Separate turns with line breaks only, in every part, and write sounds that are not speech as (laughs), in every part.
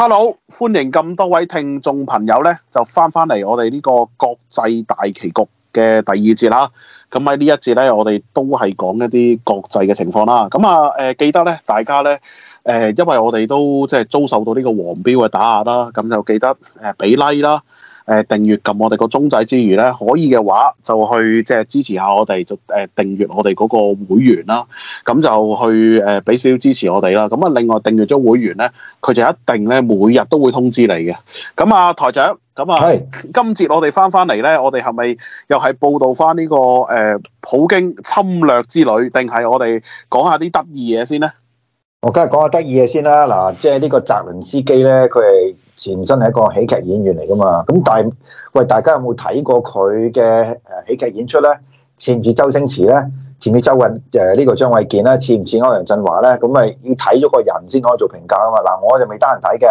Hello，歡迎咁多位聽眾朋友咧，就翻翻嚟我哋呢個國際大棋局嘅第二節啦。咁喺呢一節咧，我哋都係講一啲國際嘅情況啦。咁啊，誒、呃、記得咧，大家咧，誒、呃、因為我哋都、呃、我都即係遭受到呢個黃標嘅打壓啦，咁就記得誒俾 like 啦。呃誒訂閱撳我哋個鐘仔之餘咧，可以嘅話就去即係支持下我哋，就誒訂閱我哋嗰個會員啦。咁就去誒俾少少支持我哋啦。咁啊，另外訂閱咗會員咧，佢就一定咧每日都會通知你嘅。咁啊，台長，咁啊，是今節我哋翻翻嚟咧，我哋係咪又係報道翻呢、這個誒、呃、普京侵略之旅，定係我哋講下啲得意嘢先咧？
我梗係講下得意嘅先啦，嗱，即係呢個澤倫斯基咧，佢係前身係一個喜劇演員嚟噶嘛，咁但係喂，大家有冇睇過佢嘅誒喜劇演出咧？似唔似周星馳咧？似唔似周韻誒呢個張衛健咧？似唔似歐陽震華咧？咁咪要睇咗個人先可以做評價噶嘛？嗱，我就未得閒睇嘅，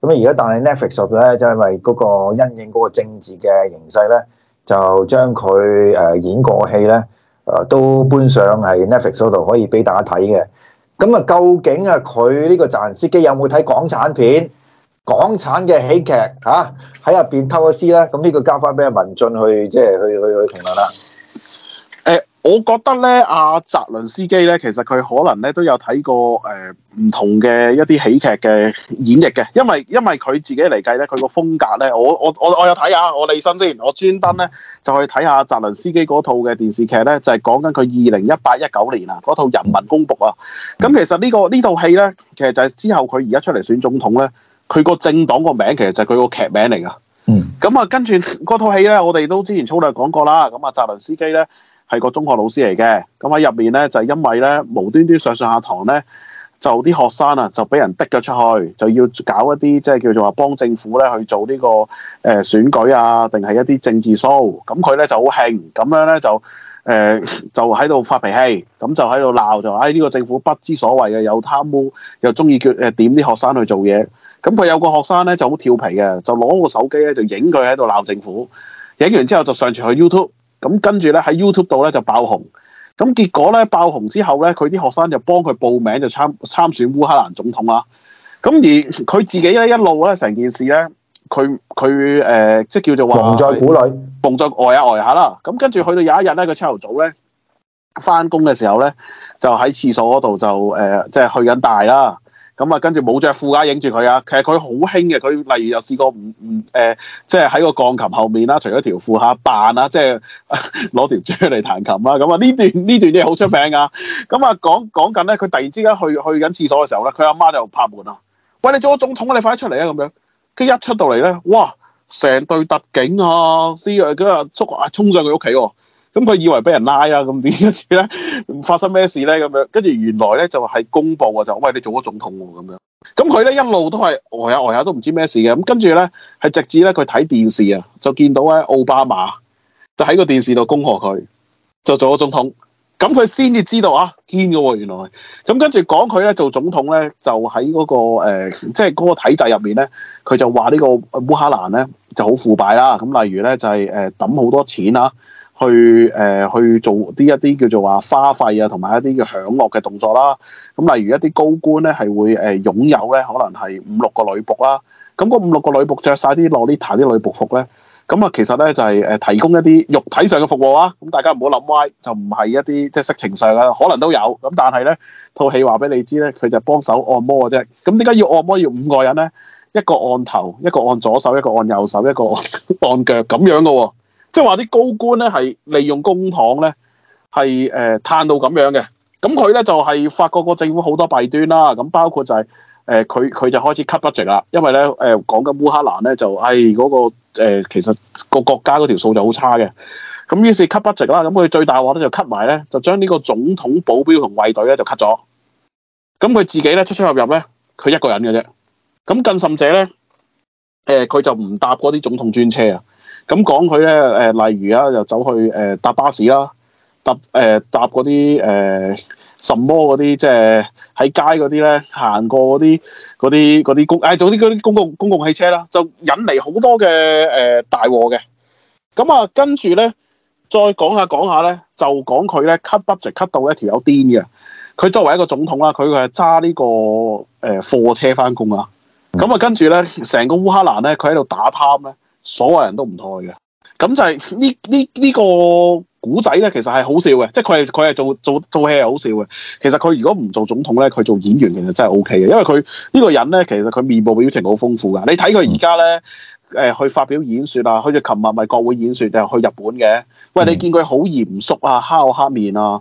咁啊而家但係 Netflix 咧，就係因為嗰個因應嗰個政治嘅形勢咧，就將佢誒演過嘅戲咧，誒都搬上係 Netflix 嗰度可以俾大家睇嘅。咁啊，究竟啊，佢呢個澤連斯基有冇睇港產片、港產嘅喜劇啊？喺入邊偷咗師咧，咁呢個交翻俾阿文進
去，即係去去去評論啦、啊。我覺得咧，阿、啊、澤倫斯基咧，其實佢可能咧都有睇過誒唔、呃、同嘅一啲喜劇嘅演繹嘅，因為因為佢自己嚟計咧，佢個風格咧，我我我我有睇下，我起身先，我專登咧就去睇下澤倫斯基嗰套嘅電視劇咧，就係講緊佢二零一八一九年啊嗰套《人民公僕》啊。咁其實、這個、呢個呢套戲咧，其實就係之後佢而家出嚟選總統咧，佢個政黨個名其實就係佢個劇名嚟㗎。咁啊，跟住嗰套戲咧，我哋都之前粗略講過啦。咁啊，澤倫斯基咧。係個中學老師嚟嘅，咁喺入面咧就係、是、因為咧無端端上上下堂咧，就啲學生啊就俾人滴咗出去，就要搞一啲即係叫做話幫政府咧去做呢、這個誒、呃、選舉啊，定係一啲政治 show。咁佢咧就好興，咁樣咧就誒、呃、就喺度發脾氣，咁就喺度鬧，就話呢、哎這個政府不知所謂嘅，有貪污，又中意叫誒點啲學生去做嘢。咁佢有個學生咧就好跳皮嘅，就攞個手機咧就影佢喺度鬧政府，影完之後就上傳去 YouTube。咁跟住咧喺 YouTube 度咧就爆紅，咁結果咧爆紅之後咧佢啲學生就幫佢報名就參參選烏克蘭總統啦，咁而佢自己咧一路咧成件事咧，佢佢誒即係叫做話，蒙在鼓裏，藏在呆下呆下啦。咁跟住去到有一日咧，佢朝頭早咧返工嘅時候咧，就喺廁所嗰度就誒即係去緊大啦。咁啊，跟住冇著褲架影住佢啊！其實佢好興嘅，佢例如又試過唔唔誒，即係喺個鋼琴後面啦，除咗條褲下扮啊，即係攞條蕉嚟彈琴啊。咁啊，呢段呢段嘢好出名啊！咁啊，講講緊咧，佢突然之間去去緊廁所嘅時候咧，佢阿媽就拍門啊！喂，你做咗總統啊！你快啲出嚟啊！咁樣跟一出到嚟咧，哇！成隊特警啊，啲啊嗰個啊，衝上佢屋企喎！咁佢以為俾人拉、 (laughs) 就是、啊，咁點解咧，發生咩事咧？咁樣跟住原來咧就係公布啊，就喂，你做咗總統喎咁樣。咁佢咧一路都係呆下呆下都唔知咩事嘅。咁跟住咧係直至咧佢睇電視啊，就見到咧奧巴馬就喺個電視度恭賀佢就做咗總統。咁佢先至知道啊堅嘅喎原來。咁跟住講佢咧做總統咧就喺嗰、嗰個、呃、即係嗰個體制入面咧，佢就話呢個烏克蘭咧就好腐敗啦。咁、嗯、例如咧就係誒抌好多錢啊。去誒、呃、去做啲一啲叫做話花費啊，同埋一啲叫享樂嘅動作啦。咁、嗯、例如一啲高官咧，係會誒擁、呃、有咧，可能係五六個女僕啦。咁、嗯、嗰五六個女僕着晒啲洛麗塔啲女僕服咧，咁、嗯、啊其實咧就係、是、誒提供一啲肉體上嘅服務啊。咁、嗯、大家唔好諗歪，就唔係一啲即係色情上啦，可能都有。咁、嗯、但係咧套戲話俾你知咧，佢就幫手按摩嘅啫。咁點解要按摩要五個人咧？一個按頭，一個按左手，一個按右手，一個按，一個按腳咁樣噶喎、哦。即係話啲高官咧係利用公帑咧係誒貪到咁樣嘅，咁佢咧就係發覺個政府好多弊端啦，咁包括就係誒佢佢就開始 cut budget 啦，因為咧誒、呃、講緊烏克蘭咧就係嗰、哎那個、呃、其實個國家嗰條數就好差嘅，咁於是 cut budget 啦，咁佢最大話咧就 cut 埋咧就將呢個總統保鏢同衛隊咧就 cut 咗，咁佢自己咧出出入入咧佢一個人嘅啫，咁更甚者咧誒佢就唔搭嗰啲總統專車啊！咁講佢咧，誒、呃、例如啊，就走去誒、呃、搭巴士啦，搭誒、呃、搭嗰啲誒什麼嗰啲，即係喺街嗰啲咧，行過嗰啲啲啲公，誒總之啲公共公共汽車啦，就引嚟好多嘅誒、呃、大禍嘅。咁啊，跟住咧，再講下講下咧，就講佢咧，cut budget cut 到一條友癲嘅。佢作為一個總統啦、啊，佢佢係揸呢個誒、呃、貨車返工啊。咁啊，跟住咧，成個烏克蘭咧，佢喺度打貪咧。所有人都唔妥嘅，咁就係呢呢呢個古仔咧，其實係好笑嘅，即係佢係佢係做做做戲係好笑嘅。其實佢如果唔做總統咧，佢做演員其實真係 OK 嘅，因為佢呢個人咧，其實佢面部表情好豐富噶。你睇佢而家咧，誒去發表演説啊，好似琴日咪國會演説定係去日本嘅。喂，你見佢好嚴肅啊，敲黑面啊，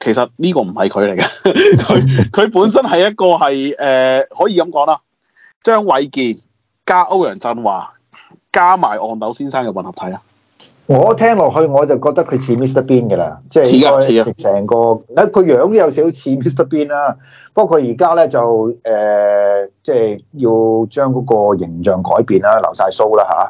其實呢個唔係佢嚟嘅，佢佢本身係一個係誒可以咁講啦，張衛健加歐陽振華。加埋憨豆先生嘅混合體啦、啊，我
聽落去我就覺得佢似 Mr. Bean 噶啦，即係似啊
似成個一個樣，有
少少似 Mr. Bean 啦、啊。不過佢而家咧就誒，即、呃、係、就是、要將嗰個形象改變啦，留晒鬚啦吓。啊。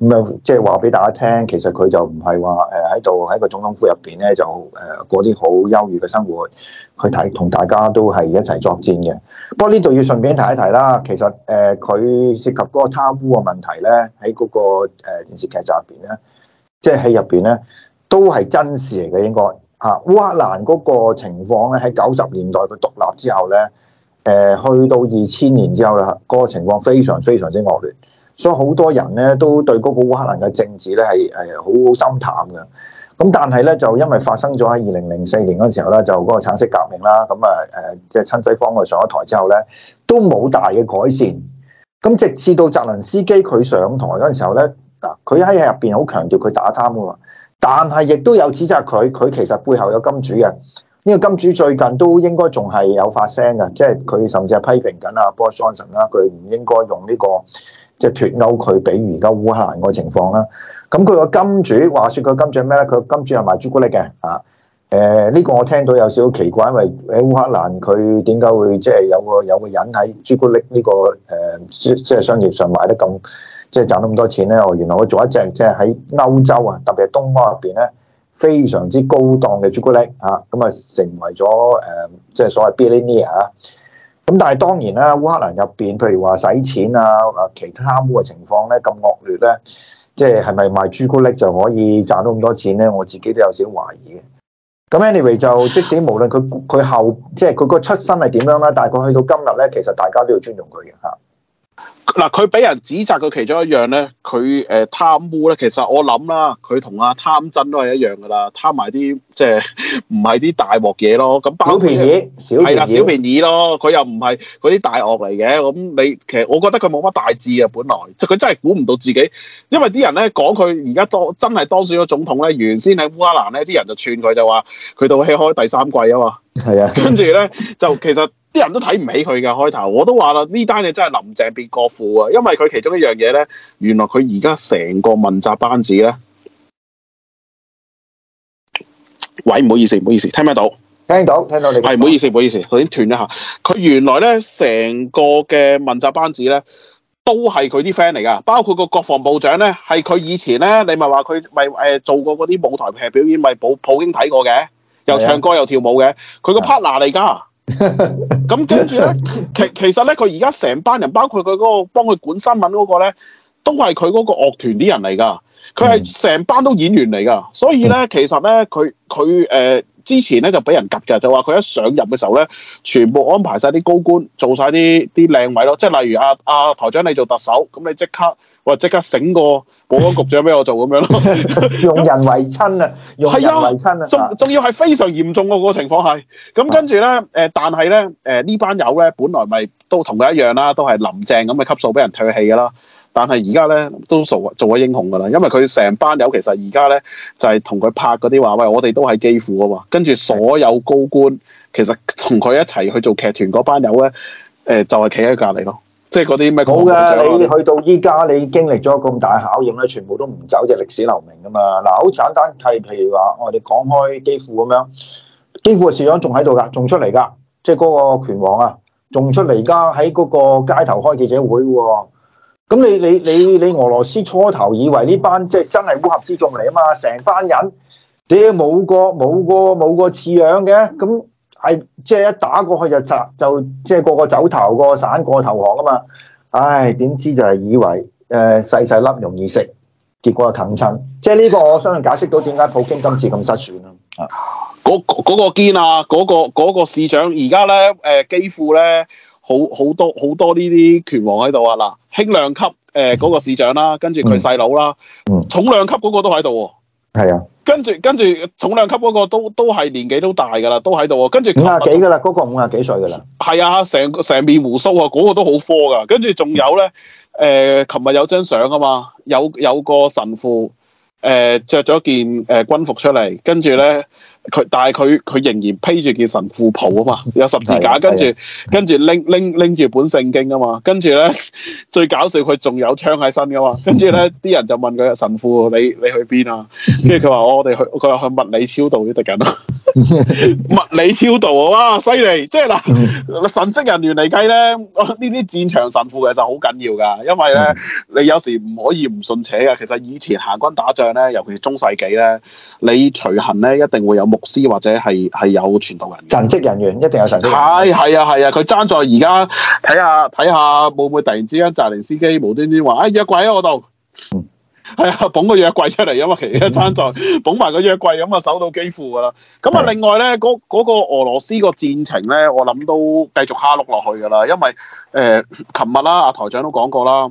咁啊，即係話俾大家聽，其實佢就唔係話誒喺度喺個總統府入邊咧，就誒過啲好優裕嘅生活，去睇同大家都係一齊作戰嘅。不過呢度要順便提一提啦，其實誒佢、呃、涉及嗰個貪污嘅問題咧，喺嗰個誒電視劇集入邊咧，即係喺入邊咧都係真事嚟嘅，應該吓烏克蘭嗰個情況咧，喺九十年代佢獨立之後咧，誒、呃、去到二千年之後啦，嗰、嗰個情況非常非常之惡劣。所以好多人咧都對嗰個烏克蘭嘅政治咧係係好好心淡嘅。咁但係咧就因為發生咗喺二零零四年嗰時候咧就嗰個橙色革命啦，咁啊誒即係親西方佢上咗台之後咧都冇大嘅改善。咁直至到澤連斯基佢上台嗰陣時候咧嗱，佢喺入邊好強調佢打貪嘅嘛，但係亦都有指責佢，佢其實背後有金主嘅。呢個金主最近都應該仲係有發聲嘅，即係佢甚至係批評緊啊，Boris Johnson 啦，佢唔應該用呢個。即係脫歐佢，比如而家烏克蘭個情況啦。咁佢個金主話說佢金主係咩咧？佢金主係賣朱古力嘅啊。誒、呃、呢、呢個我聽到有少少奇怪，因為喺烏克蘭佢點解會即係有個有個人喺朱古力呢、呢個誒即係商業上賣得咁即係賺咁多錢咧？原來我做一隻即係喺歐洲啊，特別係東歐入邊咧，非常之高檔嘅朱古力啊，咁啊成為咗誒即係所謂 Billini 啊。咁但係當然啦，烏克蘭入邊，譬如話洗錢啊，啊其他貪污嘅情況咧咁惡劣咧，即係係咪賣朱古力就可以賺到咁多錢咧？我自己都有少少懷疑嘅。咁 anyway 就即使無論佢佢後即係佢個出身係點樣啦，但係佢去到今日咧，其實大家都要尊重佢嘅嚇。
嗱，佢俾人指責佢其中一樣咧，佢誒、呃、貪污咧。其實我諗啦，佢同阿貪真都係一樣噶啦，貪埋啲即係唔係啲大鑊嘢咯。咁包便宜，係啦，小便宜咯。佢又唔係嗰啲大鱷嚟嘅。咁你其實我覺得佢冇乜大志啊。本來即佢真係估唔到自己，因為啲人咧講佢而家多真係當選咗總統咧。原先喺烏克蘭咧，啲人就串佢就話佢到期開第三季啊嘛。係啊是的，跟住咧就其實。啲人都睇唔起佢噶開頭，我都話啦，呢單嘢真係林鄭變國父啊！因為佢其中一樣嘢咧，原來佢而家成個問責班子咧，喂，唔好意思，唔好意思，聽唔聽到？聽到，聽到你聽。係唔好意思，唔好意思，頭先斷一下。佢原來咧成個嘅問責班子咧，都係佢啲 friend 嚟噶，包括個國防部長咧，係佢以前咧，你咪話佢咪誒做過嗰啲舞台劇表演，咪普普京睇過嘅，又唱歌又跳舞嘅，佢個 partner 嚟噶。咁跟住咧，其其實咧，佢而家成班人，包括佢嗰個幫佢管新聞嗰個咧，都係佢嗰個樂團啲人嚟噶。佢係成班都演員嚟噶，所以咧，其實咧，佢佢誒，之前咧就俾人夾嘅，就話佢一上任嘅時候咧，全部安排晒啲高官做晒啲啲靚位咯，即係例如阿阿台長，你做特首，咁你即刻。喂！即刻醒個保安局長俾我做咁樣咯， (laughs) 用
人為親啊， (laughs) 用人為親啊，仲
仲的還要係非常嚴重個、啊、 (laughs) 個情況係，咁跟住咧，誒，但係咧，誒、呃、呢班友咧，本來咪都同佢一樣啦，都係林鄭咁嘅級數俾人唾棄噶啦，但係而家咧都做做咗英雄噶啦，因為佢成班友其實而家咧就係同佢拍嗰啲話喂，我哋都係基輔啊嘛，跟住所有高官其實同佢一齊去做劇團嗰班友咧，誒、呃、就係企喺隔籬咯。即係嗰啲咪好嘅，你去
到依家，你經歷咗咁大考驗咧，你全部都唔走就歷史留名噶嘛。嗱，好簡單係，譬如話，我哋講開基輔咁樣，基輔嘅市長仲喺度㗎，仲出嚟㗎。即係嗰個拳王啊，仲出嚟，而家喺嗰個街頭開記者會喎、啊。咁你你你你俄羅斯初頭以為呢班即係、就是、真係烏合之眾嚟啊嘛，成班人，你冇個冇個冇個似樣嘅咁。即係一打過去就就即係個個走投個，個散個，個投降啊嘛！唉，點知就係以為誒、呃、細細粒容易食，結果就啃親。即係呢個我相信解釋到點解普京今次咁失算啦。嗰嗰、嗯
嗯嗰個堅啊，嗰、嗰個嗰個市長而家咧誒幾乎咧好好多好多呢啲拳王喺度啊！嗱，輕量級誒嗰、呃嗰個市長啦，跟住佢細佬啦，嗯嗯、重量級嗰個都喺度。係啊，跟住跟住重量級嗰個都都係年紀都大噶啦，都喺度啊，跟住五廿幾
噶啦，嗰個五廿幾歲噶啦，
係啊，成成面鬍鬚啊，嗰個都好科噶，跟住仲有咧，誒、呃，琴日有張相啊嘛，有有個神父誒、呃、着咗件誒、呃、軍服出嚟，跟住咧。嗯佢但係佢佢仍然披住件神父袍啊嘛，有十字架，跟住跟住拎拎拎住本聖經啊嘛，跟住咧最搞笑佢仲有槍喺身噶嘛，跟住咧啲人就問佢神父你你去邊啊？跟住佢話我哋去，佢話去物理超度啲敵人， (laughs) 物理超度啊，哇犀利！即係嗱神職人員嚟計咧，呢啲戰場神父其實好緊要㗎，因為咧你有時唔可以唔信邪㗎。其實以前行軍打仗咧，尤其是中世紀咧，你隨行咧一定會有。牧師或者係係有傳道人員、陣職人員一定有上。係係啊係啊，佢爭、啊啊、在而家睇下睇下，會唔會突然之間澤連斯基無端端話啊約櫃喺、啊、我度，係啊、嗯哎、捧個約櫃出嚟咁啊，其實爭在捧埋個約櫃咁啊，手到幾乎噶啦。咁啊，另外咧嗰、那個俄羅斯個戰情咧，我諗都繼續蝦碌落去噶啦，因為誒琴、呃、日啦、啊，阿台長都講過啦。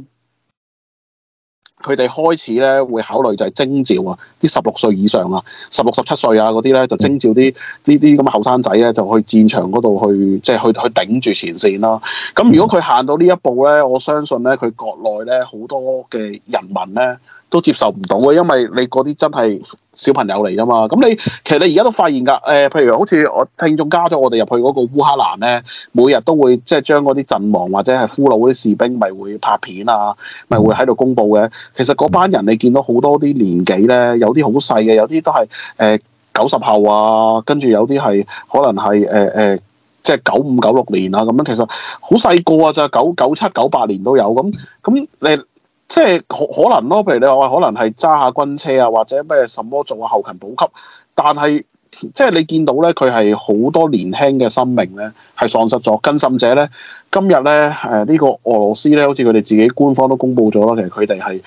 佢哋開始咧會考慮就係徵召16，啊，啲十六歲以上啊，十六十七歲啊嗰啲咧就徵召啲呢啲咁嘅後生仔咧，這這就去戰場嗰度去即係去去頂住前線啦。咁如果佢行到呢一步咧，我相信咧佢國內咧好多嘅人民咧，都接受唔到嘅，因為你嗰啲真係小朋友嚟㗎嘛。咁你其實你而家都發現噶誒、呃，譬如好似我聽眾加咗我哋入去嗰個烏克蘭咧，每日都會即係將嗰啲陣亡或者係俘虜啲士兵，咪會拍片啊，咪會喺度公布嘅。其實嗰班人你見到好多啲年紀咧，有啲好細嘅，有啲都係誒九十後啊，跟住有啲係可能係誒誒即係九五九六年啊咁樣。其實好細個啊，就係九九七九八年都有，咁咁你。即係可可能咯，譬如你話可能係揸下軍車啊，或者咩什麼做下後勤補給，但係即係你見到咧，佢係好多年輕嘅生命咧係喪失咗。跟甚者咧，今日咧誒呢個俄羅斯咧，好似佢哋自己官方都公布咗啦，其實佢哋係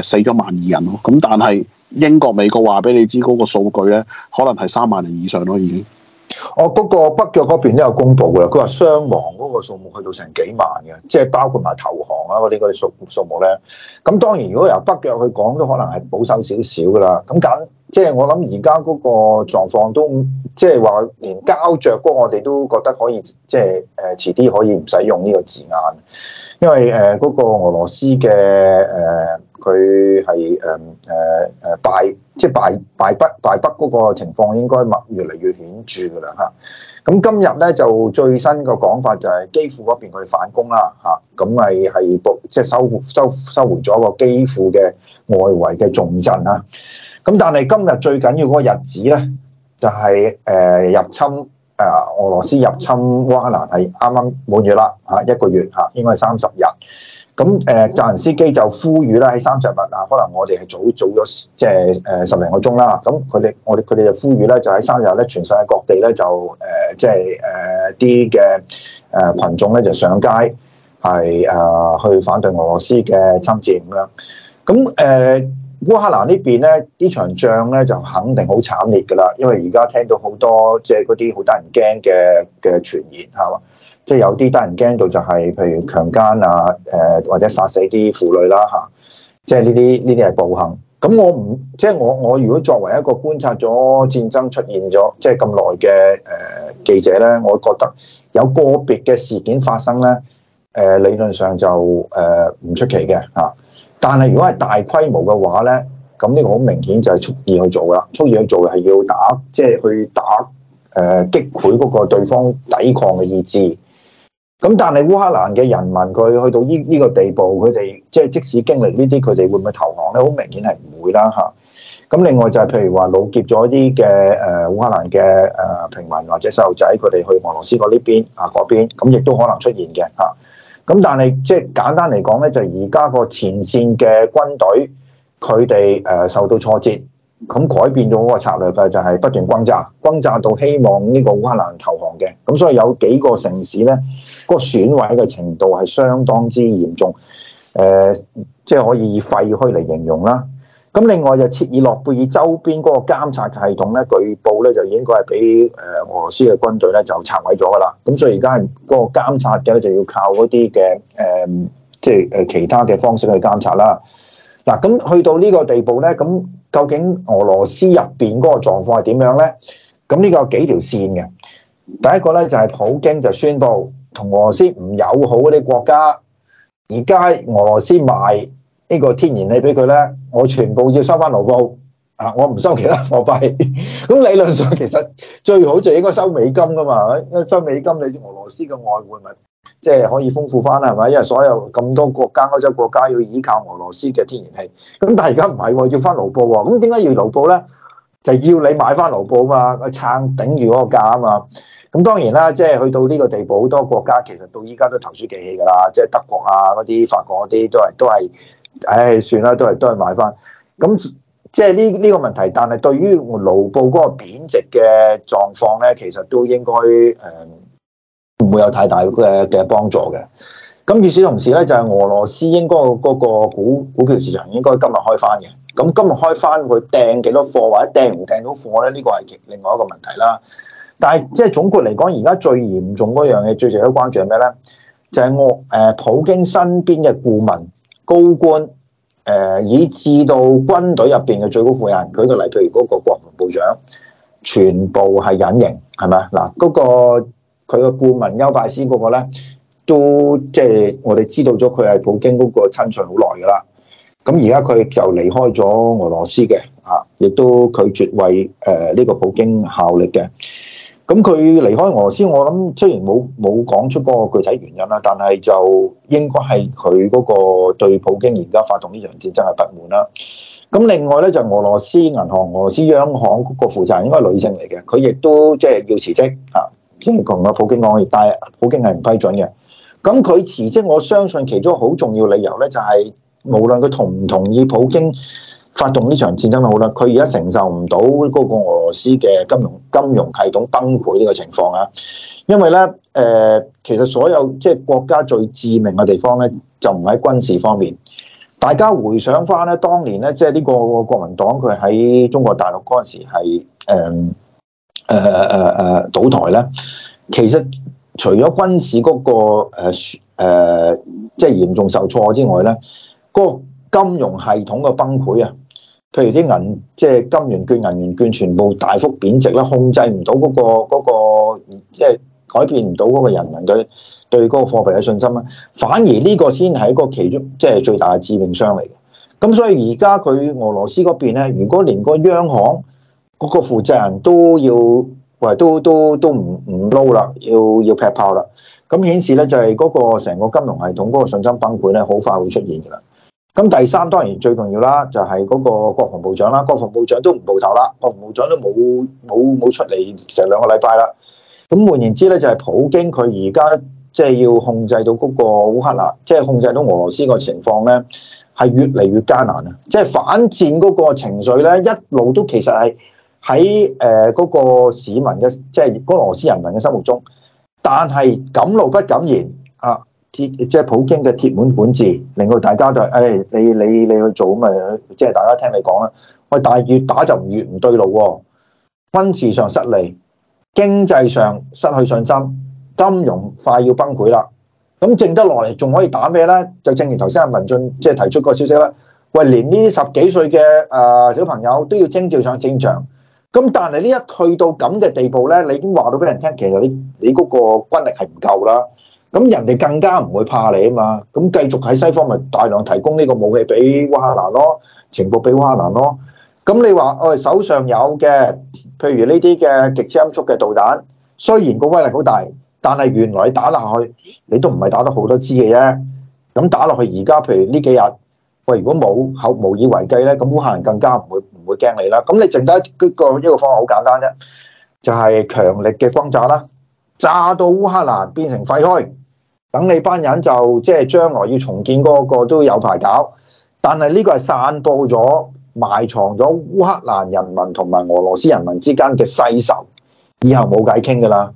誒死咗萬二人咯。咁但係英國美國話俾你知嗰個數據咧，可能係三萬人以上咯，已經。我嗰、哦嗰個北約嗰邊
都有公布嘅，佢話傷亡嗰個數目去到成幾萬嘅，即係包括埋投降啊嗰啲嗰啲數數目咧。咁當然如果由北約去講，都可能係保守少少噶啦。咁簡即係我諗而家嗰個狀況都即係話連膠着。嗰個，我哋都覺得可以即係誒、呃、遲啲可以唔使用呢個字眼，因為誒嗰、呃嗰個俄羅斯嘅誒。呃佢係誒誒誒敗，即係敗敗北敗北嗰個情況應該越嚟越顯著噶啦嚇。咁今日咧就最新個講法就係基輔嗰邊佢哋反攻啦嚇，咁係係補即係收收收回咗個基輔嘅外圍嘅重鎮啦。咁但係今日最緊要嗰個日子咧，就係、是、誒、呃、入侵誒俄羅斯入侵烏克蘭係啱啱滿月啦嚇，一個月嚇應該係三十日。咁誒，澤連、呃、斯基就呼籲啦，喺三十日啊，可能我哋係早早咗，即係誒十零個鐘啦。咁佢哋，我哋佢哋就呼籲咧，就喺三十日咧，全世界各地咧就誒，即係誒啲嘅誒羣眾咧就上街，係啊、呃、去反對俄羅斯嘅參戰咁樣。咁誒。呃烏克蘭邊呢邊咧，呢場仗咧就肯定好慘烈噶啦，因為而家聽到好多即係嗰啲好得人驚嘅嘅傳言係嘛，即係、就是、有啲得人驚到就係、是、譬如強奸啊，誒、呃、或者殺死啲婦女啦吓，即係呢啲呢啲係暴行。咁我唔即係我、就是、我，我如果作為一個觀察咗戰爭出現咗即係咁耐嘅誒記者咧，我覺得有個別嘅事件發生咧，誒、呃、理論上就誒唔出奇嘅嚇。啊但係如果係大規模嘅話咧，咁呢個好明顯就係蓄意去做啦。蓄意去做係要打，即、就、係、是、去打誒、呃、擊潰嗰個對方抵抗嘅意志。咁但係烏克蘭嘅人民佢去到呢依個地步，佢哋即係即使經歷呢啲，佢哋會唔會投降咧？好明顯係唔會啦嚇。咁另外就係譬如話，擄劫咗啲嘅誒烏克蘭嘅誒平民或者細路仔，佢哋去俄羅斯嗰呢邊啊嗰邊，咁亦都可能出現嘅嚇。咁但係即係簡單嚟講咧，就而家個前線嘅軍隊佢哋誒受到挫折，咁改變咗嗰個策略嘅就係、是、不斷轟炸，轟炸到希望呢個烏克蘭投降嘅。咁所以有幾個城市咧，個損毀嘅程度係相當之嚴重，誒、呃，即、就、係、是、可以以廢墟嚟形容啦。咁另外就切爾諾貝爾周邊嗰個監察嘅系統咧，據報咧就應該係俾誒俄羅斯嘅軍隊咧就拆毀咗噶啦。咁所以而家係嗰個監察嘅咧就要靠嗰啲嘅誒，即係誒其他嘅方式去監察啦。嗱，咁去到呢個地步咧，咁究竟俄羅斯入邊嗰個狀況係點樣咧？咁呢個有幾條線嘅。第一個咧就係普京就宣佈同俄羅斯唔友好嗰啲國家，而家俄羅斯賣呢個天然氣俾佢咧，我全部要收翻盧布啊！我唔收其他貨幣。咁、 (laughs) 嗯、理論上其實最好就應該收美金噶嘛，因為收美金你俄羅斯嘅外匯咪即係可以豐富翻啦，係咪？因為所有咁多國家歐洲國家要依靠俄羅斯嘅天然氣，咁但係而家唔係喎，要翻盧布喎、啊。咁點解要盧布咧？就是、要你買翻盧布嘛，撐頂住嗰個價啊嘛。咁、嗯、當然啦，即、就、係、是、去到呢個地步，好多國家其實到依家都投鼠忌器㗎啦，即係德國啊、嗰啲法國嗰啲都係都係。唉、哎，算啦，都係都係買翻。咁即係呢呢個問題，但係對於盧布嗰個貶值嘅狀況咧，其實都應該誒唔會有太大嘅嘅幫助嘅。咁與此同時咧，就係、是、俄羅斯應該嗰、那個那個股股票市場應該今日開翻嘅。咁今日開翻，佢掟幾多貨或者掟唔掟到貨咧？呢個係另外一個問題啦。但係即係總括嚟講，而家最嚴重嗰樣嘢，最值得關注係咩咧？就係、是、我誒、呃，普京身邊嘅顧問。高官，誒、呃、以至到軍隊入邊嘅最高負責人，舉個例，譬如嗰個國防部長，全部係隱形，係咪啊？嗱，嗰、那個佢個顧問優拜師嗰個咧，都即係、就是、我哋知道咗佢係普京嗰個親信好耐噶啦。咁而家佢就離開咗俄羅斯嘅，啊，亦都拒絕為誒呢個普京效力嘅。咁佢離開俄羅斯，我諗，雖然冇冇講出嗰個具體原因啦，但係就應該，係佢嗰個對普京而家發動呢場戰爭，係不滿啦。咁另外咧就是、俄羅斯銀行、俄羅斯央行嗰個負責人應該係女性嚟嘅，佢亦都即係、就是、要辭職啊，即係同個普京講，但係普京係唔批准嘅。咁佢辭職，我相信其中好重要理由咧就係、是、無論佢同唔同意普京，發動呢場戰爭就好啦，佢而家承受唔到嗰個俄羅斯嘅金融金融系統崩潰呢個情況啊，因為咧誒、呃，其實所有即係、即係、國家最致命嘅地方咧，就唔喺軍事方面。大家回想翻咧，當年咧即係呢、即係、個國民黨佢喺中國大陸嗰陣時係誒誒誒倒台咧。其實除咗軍事嗰、嗰個誒即係嚴重受挫之外咧，嗰、嗰個、金融系統嘅崩潰啊！譬如啲銀即係金元券、銀元券全部大幅貶值啦，控制唔到嗰個、嗰個即係、就是、改變唔到個人民對對嗰個貨幣嘅信心啦，反而呢個先係一個其中即係、就是、最大嘅致命傷嚟嘅。咁所以而家佢俄羅斯嗰邊咧，如果連個央行嗰個負責人都要喂都都都唔唔撈啦，要要劈炮啦，咁顯示咧就係嗰個成個金融系統嗰個信心崩潰咧，好快會出現噶啦。咁第三當然最重要啦，就係嗰個國防部長啦，國防部長都唔蒲頭啦，國防部長都冇冇冇出嚟成兩個禮拜啦。咁換言之咧，就係普京佢而家即係要控制到嗰個烏克蘭，即係控制到俄羅斯個情況咧，係越嚟越艱難啊！即係反戰嗰個情緒咧，一路都其實係喺誒嗰個市民嘅，即係俄羅斯人民嘅心目中，但係敢怒不敢言。即係普京嘅鐵門管治，令到大家都係、哎，你你你去做咁咪，即係大家聽你講啦。喂，但係越打就越唔對路喎，軍事上失利，經濟上失去信心，金融快要崩潰啦。咁剩得落嚟仲可以打咩咧？就正如頭先阿文進即係提出個消息啦。喂，連呢啲十幾歲嘅誒小朋友都要徵召上戰場。咁但係呢一去到咁嘅地步咧，你已經話到俾人聽，其實你你嗰個軍力係唔夠啦。咁人哋更加唔會怕你啊嘛！咁繼續喺西方咪大量提供呢個武器俾烏克蘭咯，情報俾烏克蘭咯。咁你話，我哋手上有嘅，譬如呢啲嘅極超音速嘅導彈，雖然個威力好大，但係原來你打落去，你都唔係打得好多支嘅啫。咁打落去，而家譬如呢幾日，喂，如果冇口無以為繼咧，咁烏克蘭更加唔會唔會驚你啦。咁你剩低個一個方法好簡單啫，就係強力嘅轟炸啦，炸到烏克蘭變成廢墟。等你班人就即係將來要重建嗰個都有排搞，但係呢個係散布咗，埋藏咗烏克蘭人民同埋俄羅斯人民之間嘅世仇，以後冇計傾噶啦。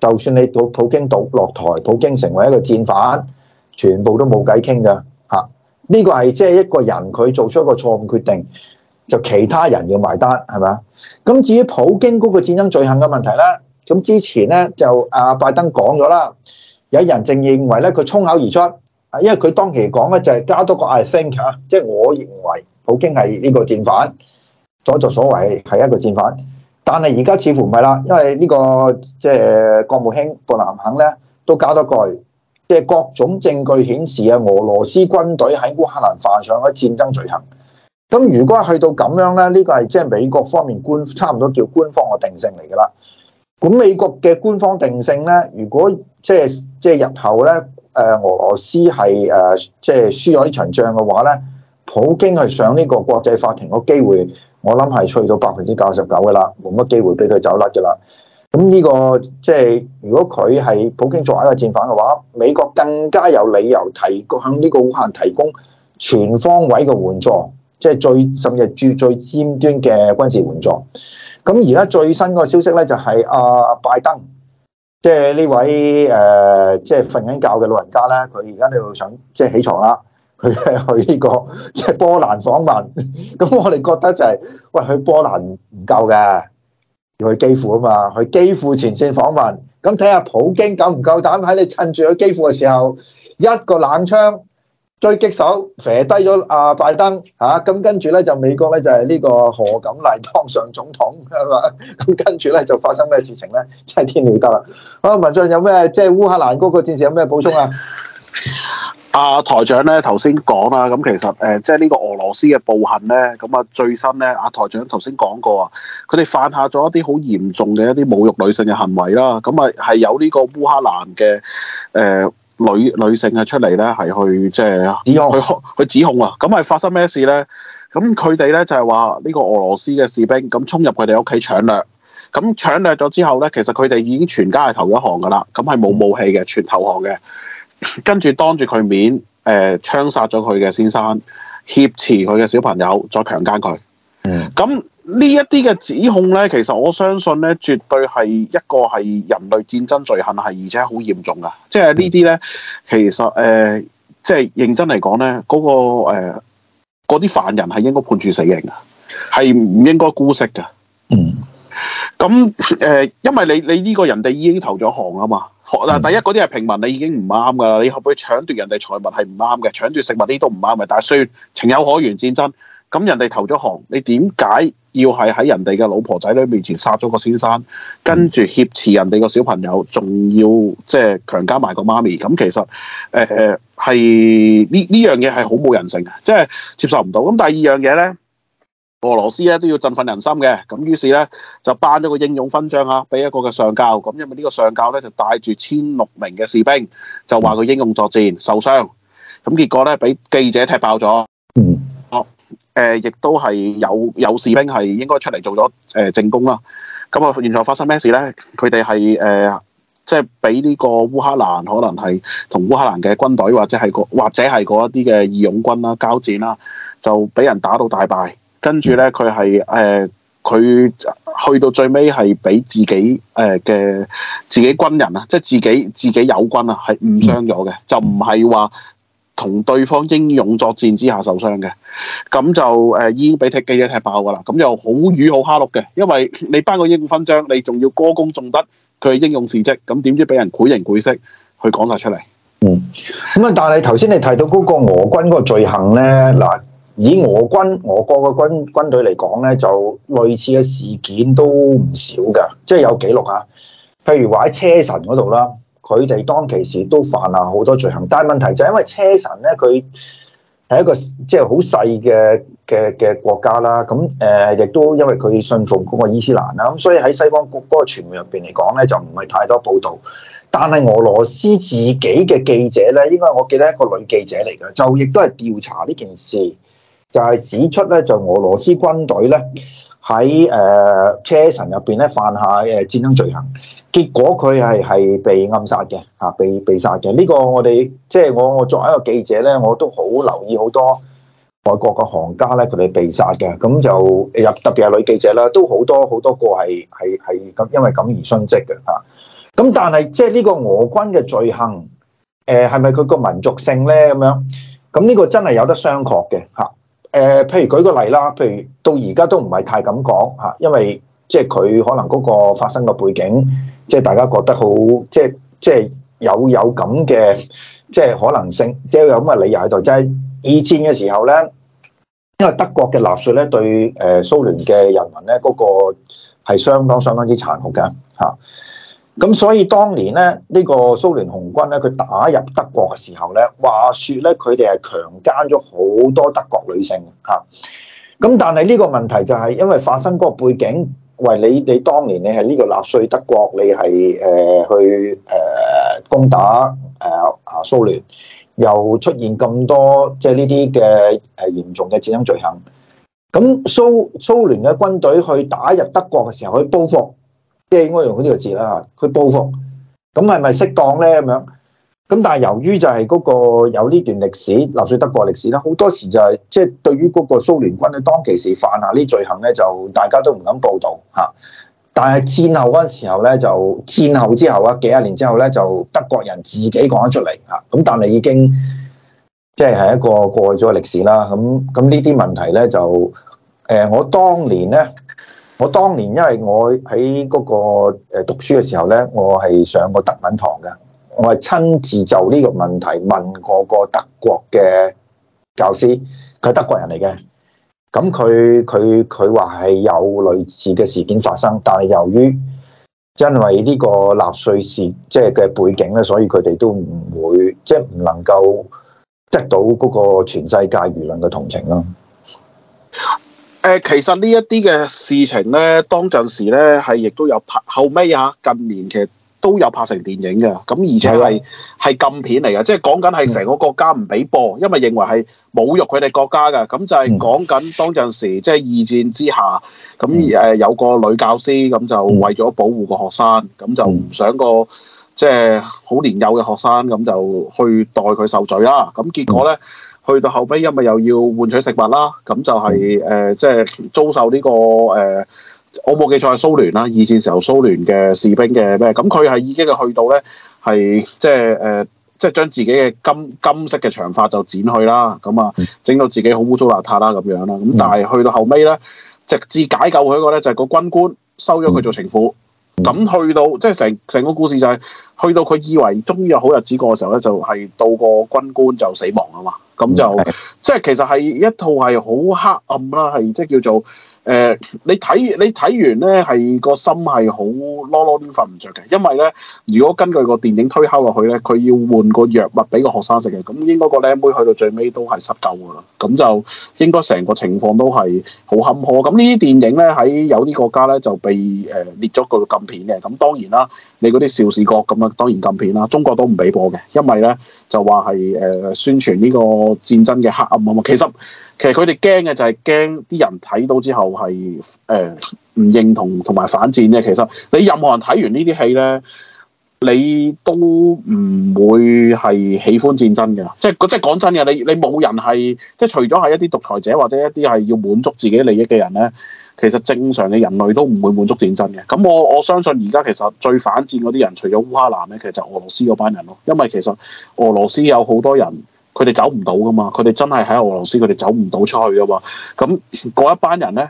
就算你到普京倒落台，普京成為一個戰犯，全部都冇計傾噶吓。呢個係即係一個人佢做出一個錯誤決定，就其他人要埋單係咪？咁至於普京嗰個戰爭罪行嘅問題呢？咁之前呢，就阿，啊，拜登講咗啦。有人正認為咧，佢衝口而出啊，因為佢當時講咧就係加多個 I think 嚇，即係我認為普京係呢個戰犯所作所為係一個戰犯。但係而家似乎唔係啦，因為呢個即係國務卿布南肯咧都加多句，即係各種證據顯示啊，俄羅斯軍隊喺烏克蘭犯上咗戰爭罪行。咁如果去到咁樣咧，呢個係即係美國方面官差唔多叫官方嘅定性嚟㗎啦。咁美國嘅官方定性咧，如果即係。即係日後咧，誒俄羅斯係誒即係輸咗呢場仗嘅話咧，普京係上呢個國際法庭個機會，我諗係去到百分之九十九嘅啦，冇乜機會俾佢走甩嘅啦。咁呢、這個即係、就是、如果佢係普京作為一個戰犯嘅話，美國更加有理由提供向呢個烏克蘭提供全方位嘅援助，即、就、係、是、最甚至係住最尖端嘅軍事援助。咁而家最新個消息咧就係、是、阿、啊、拜登。即係呢位誒、呃，即係瞓緊覺嘅老人家咧，佢而家都要想即係起床啦。佢去呢、這個即係波蘭訪問，咁 (laughs) 我哋覺得就係、是、喂去波蘭唔夠嘅，要去基輔啊嘛，去基輔前線訪問，咁睇下普京夠唔夠膽喺你趁住佢基輔嘅時候一個冷槍。狙擊手，射低咗阿、啊、拜登嚇，咁、啊、跟住咧就美國咧就係、是、呢個何錦麗當上總統係嘛，咁、啊、跟住咧就發生咩事情咧？真、就、係、是、天了得啦！啊，文進有咩即係烏克蘭嗰個戰士有咩補充啊？
阿台長咧頭先講啦，咁其實誒、呃、即係呢個俄羅斯嘅暴行咧，咁啊最新咧阿、啊、台長頭先講過啊，佢哋犯下咗一啲好嚴重嘅一啲侮辱女性嘅行為啦，咁啊係有呢個烏克蘭嘅誒。呃女女性啊出嚟咧，係去即係去去指控啊！咁係發生咩事咧？咁佢哋咧就係話呢個俄羅斯嘅士兵咁衝入佢哋屋企搶掠，咁搶掠咗之後咧，其實佢哋已經全家係投咗降噶啦，咁係冇武器嘅，全投降嘅，跟住當住佢面誒槍殺咗佢嘅先生，挾持佢嘅小朋友再強姦佢，咁、嗯。呢一啲嘅指控咧，其實我相信咧，絕對係一個係人類戰爭罪行係，而且好嚴重噶。即係呢啲咧，其實誒、呃，即係認真嚟講咧，嗰、嗰個嗰啲、呃、犯人係應該判處死刑噶，係唔應該姑息噶。嗯。咁誒、呃，因為你你呢個人哋已經投咗降啊嘛，降嗱第一嗰啲係平民，你已經唔啱噶啦，你何必搶奪人哋財物，係唔啱嘅，搶奪食物呢都唔啱嘅，但係算情有可原戰爭。咁人哋投咗降，你點解要係喺人哋嘅老婆仔女面前殺咗個先生，跟住挾持人哋個小朋友，仲要即係強姦埋個媽咪？咁、嗯、其實誒誒係呢呢樣嘢係好冇人性嘅，即係接受唔到。咁第二樣嘢咧，俄羅斯咧都要振奮人心嘅。咁於是咧就頒咗個英勇勳章啊，俾一個嘅上校。咁因為呢個上校咧就帶住千六名嘅士兵，就話佢英勇作戰受傷，咁結果咧俾記者踢爆咗。誒，亦、呃、都係有有士兵係應該出嚟做咗誒政工啦。咁、呃、啊，現在發生咩事咧？佢哋係誒，即係俾呢個烏克蘭可能係同烏克蘭嘅軍隊或者係個或者係嗰一啲嘅義勇軍啦、啊、交戰啦、啊，就俾人打到大敗。跟住咧，佢係誒，佢、呃、去到最尾係俾自己誒嘅、呃、自己軍人啊，即係自己自己友軍啊，係誤傷咗嘅，就唔係話，同對方英勇作戰之下受傷嘅，咁就誒、呃、已經俾踢機嘅踢爆噶啦，咁又好瘀好蝦碌嘅，因為你頒個英軍勳章，你仲要歌功頌德，佢嘅英勇事蹟，咁點知俾人繪形繪色去講晒出嚟。嗯，
咁啊，但係頭先你提到嗰個俄軍個罪行咧，嗱，以俄軍、俄國嘅軍軍隊嚟講咧，就類似嘅事件都唔少噶，即、就、係、是、有記錄啊，譬如話喺車臣嗰度啦。佢哋當其時都犯下好多罪行，但係問題就係因為車臣呢，咧，佢係一個即係好細嘅嘅嘅國家啦。咁誒，亦、呃、都因為佢信奉嗰個伊斯蘭啦，咁所以喺西方國嗰個傳媒入邊嚟講咧，就唔係太多報導。但係俄羅斯自己嘅記者咧，應該我記得一個女記者嚟嘅，就亦都係調查呢件事，就係、是、指出咧，就俄羅斯軍隊咧。喺誒車臣入邊咧犯下誒戰爭罪行，結果佢係係被暗殺嘅嚇，被被殺嘅。呢個我哋即係我我作為一個記者咧，我都好留意好多外國嘅行家咧，佢哋被殺嘅。咁就誒特別係女記者啦，都好多好多個係係係因為咁而殉職嘅嚇。咁但係即係呢個俄軍嘅罪行，誒係咪佢個民族性咧咁樣？咁呢個真係有得商榷嘅嚇。誒、呃，譬如舉個例啦，譬如到而家都唔係太咁講嚇，因為即係佢可能嗰個發生嘅背景，即係大家覺得好，即係即係有有咁嘅即係可能性，即係有咁嘅理由喺度。即係二戰嘅時候咧，因為德國嘅納粹咧對誒蘇聯嘅人民咧嗰個係相當相當之殘酷嘅嚇。啊咁所以當年咧，呢、這個蘇聯紅軍咧，佢打入德國嘅時候咧，話説咧，佢哋係強姦咗好多德國女性嚇。咁、啊、但係呢個問題就係，因為發生嗰個背景，喂，你你當年你係呢個納粹德國，你係誒、呃、去誒、呃、攻打誒啊、呃、蘇聯，又出現咁多即係呢啲嘅誒嚴重嘅戰爭罪行。咁蘇蘇聯嘅軍隊去打入德國嘅時候去報復。即係應該用呢個字啦，佢報復，咁係咪適當咧？咁樣，咁但係由於就係嗰個有呢段歷史，納粹德國歷史啦，好多時就係即係對於嗰個蘇聯軍咧，當其時犯下呢罪行咧，就大家都唔敢報道吓。但係戰後嗰陣時候咧，就戰後之後啊，幾廿年之後咧，就德國人自己講得出嚟吓。咁但係已經即係係一個過去咗嘅歷史啦。咁咁呢啲問題咧就，誒，我當年咧。我當年因為我喺嗰個誒，讀書嘅時候咧，我係上過德文堂嘅。我係親自就呢個問題問過個德國嘅教師，佢係德國人嚟嘅。咁佢佢佢話係有類似嘅事件發生，但係由於因為呢個納粹事即係嘅背景咧，所以佢哋都唔會即係唔能夠得到嗰個全世界輿論嘅同情咯。
誒，其實呢一啲嘅事情呢，當陣時呢，係亦都有拍，後尾啊近年其實都有拍成電影嘅，咁而且係係禁片嚟嘅，即係講緊係成個國家唔俾播，因為認為係侮辱佢哋國家嘅，咁就係講緊當陣時即係二戰之下，咁誒有個女教師咁就為咗保護個學生，咁就唔想個即係好年幼嘅學生咁就去代佢受罪啦，咁結果呢。去到後尾，因為又要換取食物啦，咁就係、是、誒、呃，即係遭受呢、這個誒、呃，我冇記錯係蘇聯啦。二戰時候蘇聯嘅士兵嘅咩？咁佢係已經去到咧，係即係誒，即係將、呃、自己嘅金金色嘅長髮就剪去啦。咁啊，整到自己好污糟邋遢啦咁樣啦、啊。咁但係去到後尾咧，直至解救佢嗰咧就是、個軍官收咗佢做情婦。咁去到即係成成個故事就係、是、去到佢以為終於有好日子過嘅時候咧，就係、是、到個軍官就死亡啊嘛。咁就即係其實係一套係好黑暗啦，係即係叫做。誒、呃，你睇你睇完咧，係個心係好囉囉攣，瞓唔着嘅。因為咧，如果根據個電影推敲落去咧，佢要換個藥物俾個學生食嘅，咁、嗯、應該個靚妹去到最尾都係失救噶啦。咁、嗯、就應該成個情況都係好坎坷。咁呢啲電影咧，喺有啲國家咧就被誒、呃、列咗個禁片嘅。咁、嗯、當然啦，你嗰啲肇事國咁啊，當然禁片啦。中國都唔俾播嘅，因為咧就話係誒宣傳呢個戰爭嘅黑暗啊嘛。其實。其實佢哋驚嘅就係驚啲人睇到之後係誒唔認同同埋反戰嘅。其實你任何人睇完呢啲戲咧，你都唔會係喜歡戰爭嘅。即係即係講真嘅，你你冇人係即係除咗係一啲獨裁者或者一啲係要滿足自己利益嘅人咧，其實正常嘅人類都唔會滿足戰爭嘅。咁我我相信而家其實最反戰嗰啲人，除咗烏克蘭咧，其實就俄羅斯嗰班人咯。因為其實俄羅斯有好多人。佢哋走唔到噶嘛。佢哋真係喺俄羅斯，佢哋走唔到出去噶嘛？咁嗰一班人咧，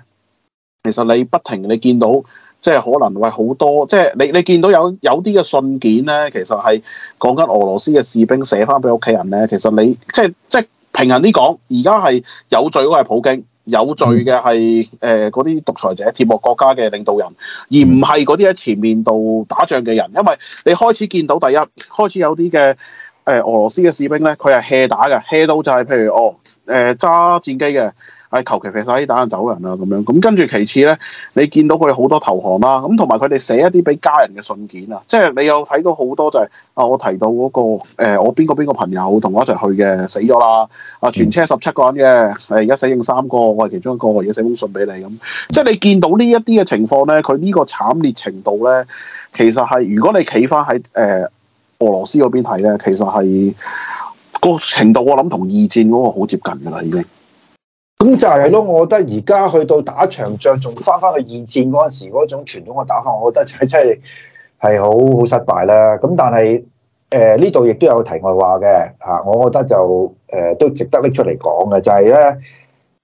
其實你不停你見到，即係可能喂好多，即係你你見到有有啲嘅信件咧，其實係講緊俄羅斯嘅士兵寫翻俾屋企人咧。其實你即係即係平衡啲講，而家係有罪嗰個係普京，有罪嘅係誒嗰啲獨裁者、鐵幕國家嘅領導人，而唔係嗰啲喺前面度打仗嘅人，因為你開始見到第一開始有啲嘅。誒、呃、俄羅斯嘅士兵咧，佢係 hea 打嘅 hea 到，就係譬如哦誒揸、呃、戰機嘅，係求其射曬啲彈就走人啦咁樣。咁跟住其次咧，你見到佢好多投降啦、啊，咁同埋佢哋寫一啲俾家人嘅信件啊，即係你有睇到好多就係、是、啊，我提到嗰、那個、呃、我邊個邊個朋友同我一齊去嘅死咗啦啊，全車十七個人嘅，而、呃、家死剩三個，我係其中一個，我而家寫封信俾你咁。即係你見到呢一啲嘅情況咧，佢呢個慘烈程度咧，其實係如果你企翻喺誒。呃呃俄羅斯嗰邊睇咧，其實係、個程度，我諗同二戰嗰個好接近噶啦，已
經。咁就係咯，我覺得而家去到打場仗，仲翻翻去二戰嗰陣時嗰種傳統嘅打法，我覺得真係係好好失敗啦。咁但係誒呢度亦都有題外話嘅啊，我覺得就誒、呃、都值得拎出嚟講嘅，就係、是、咧，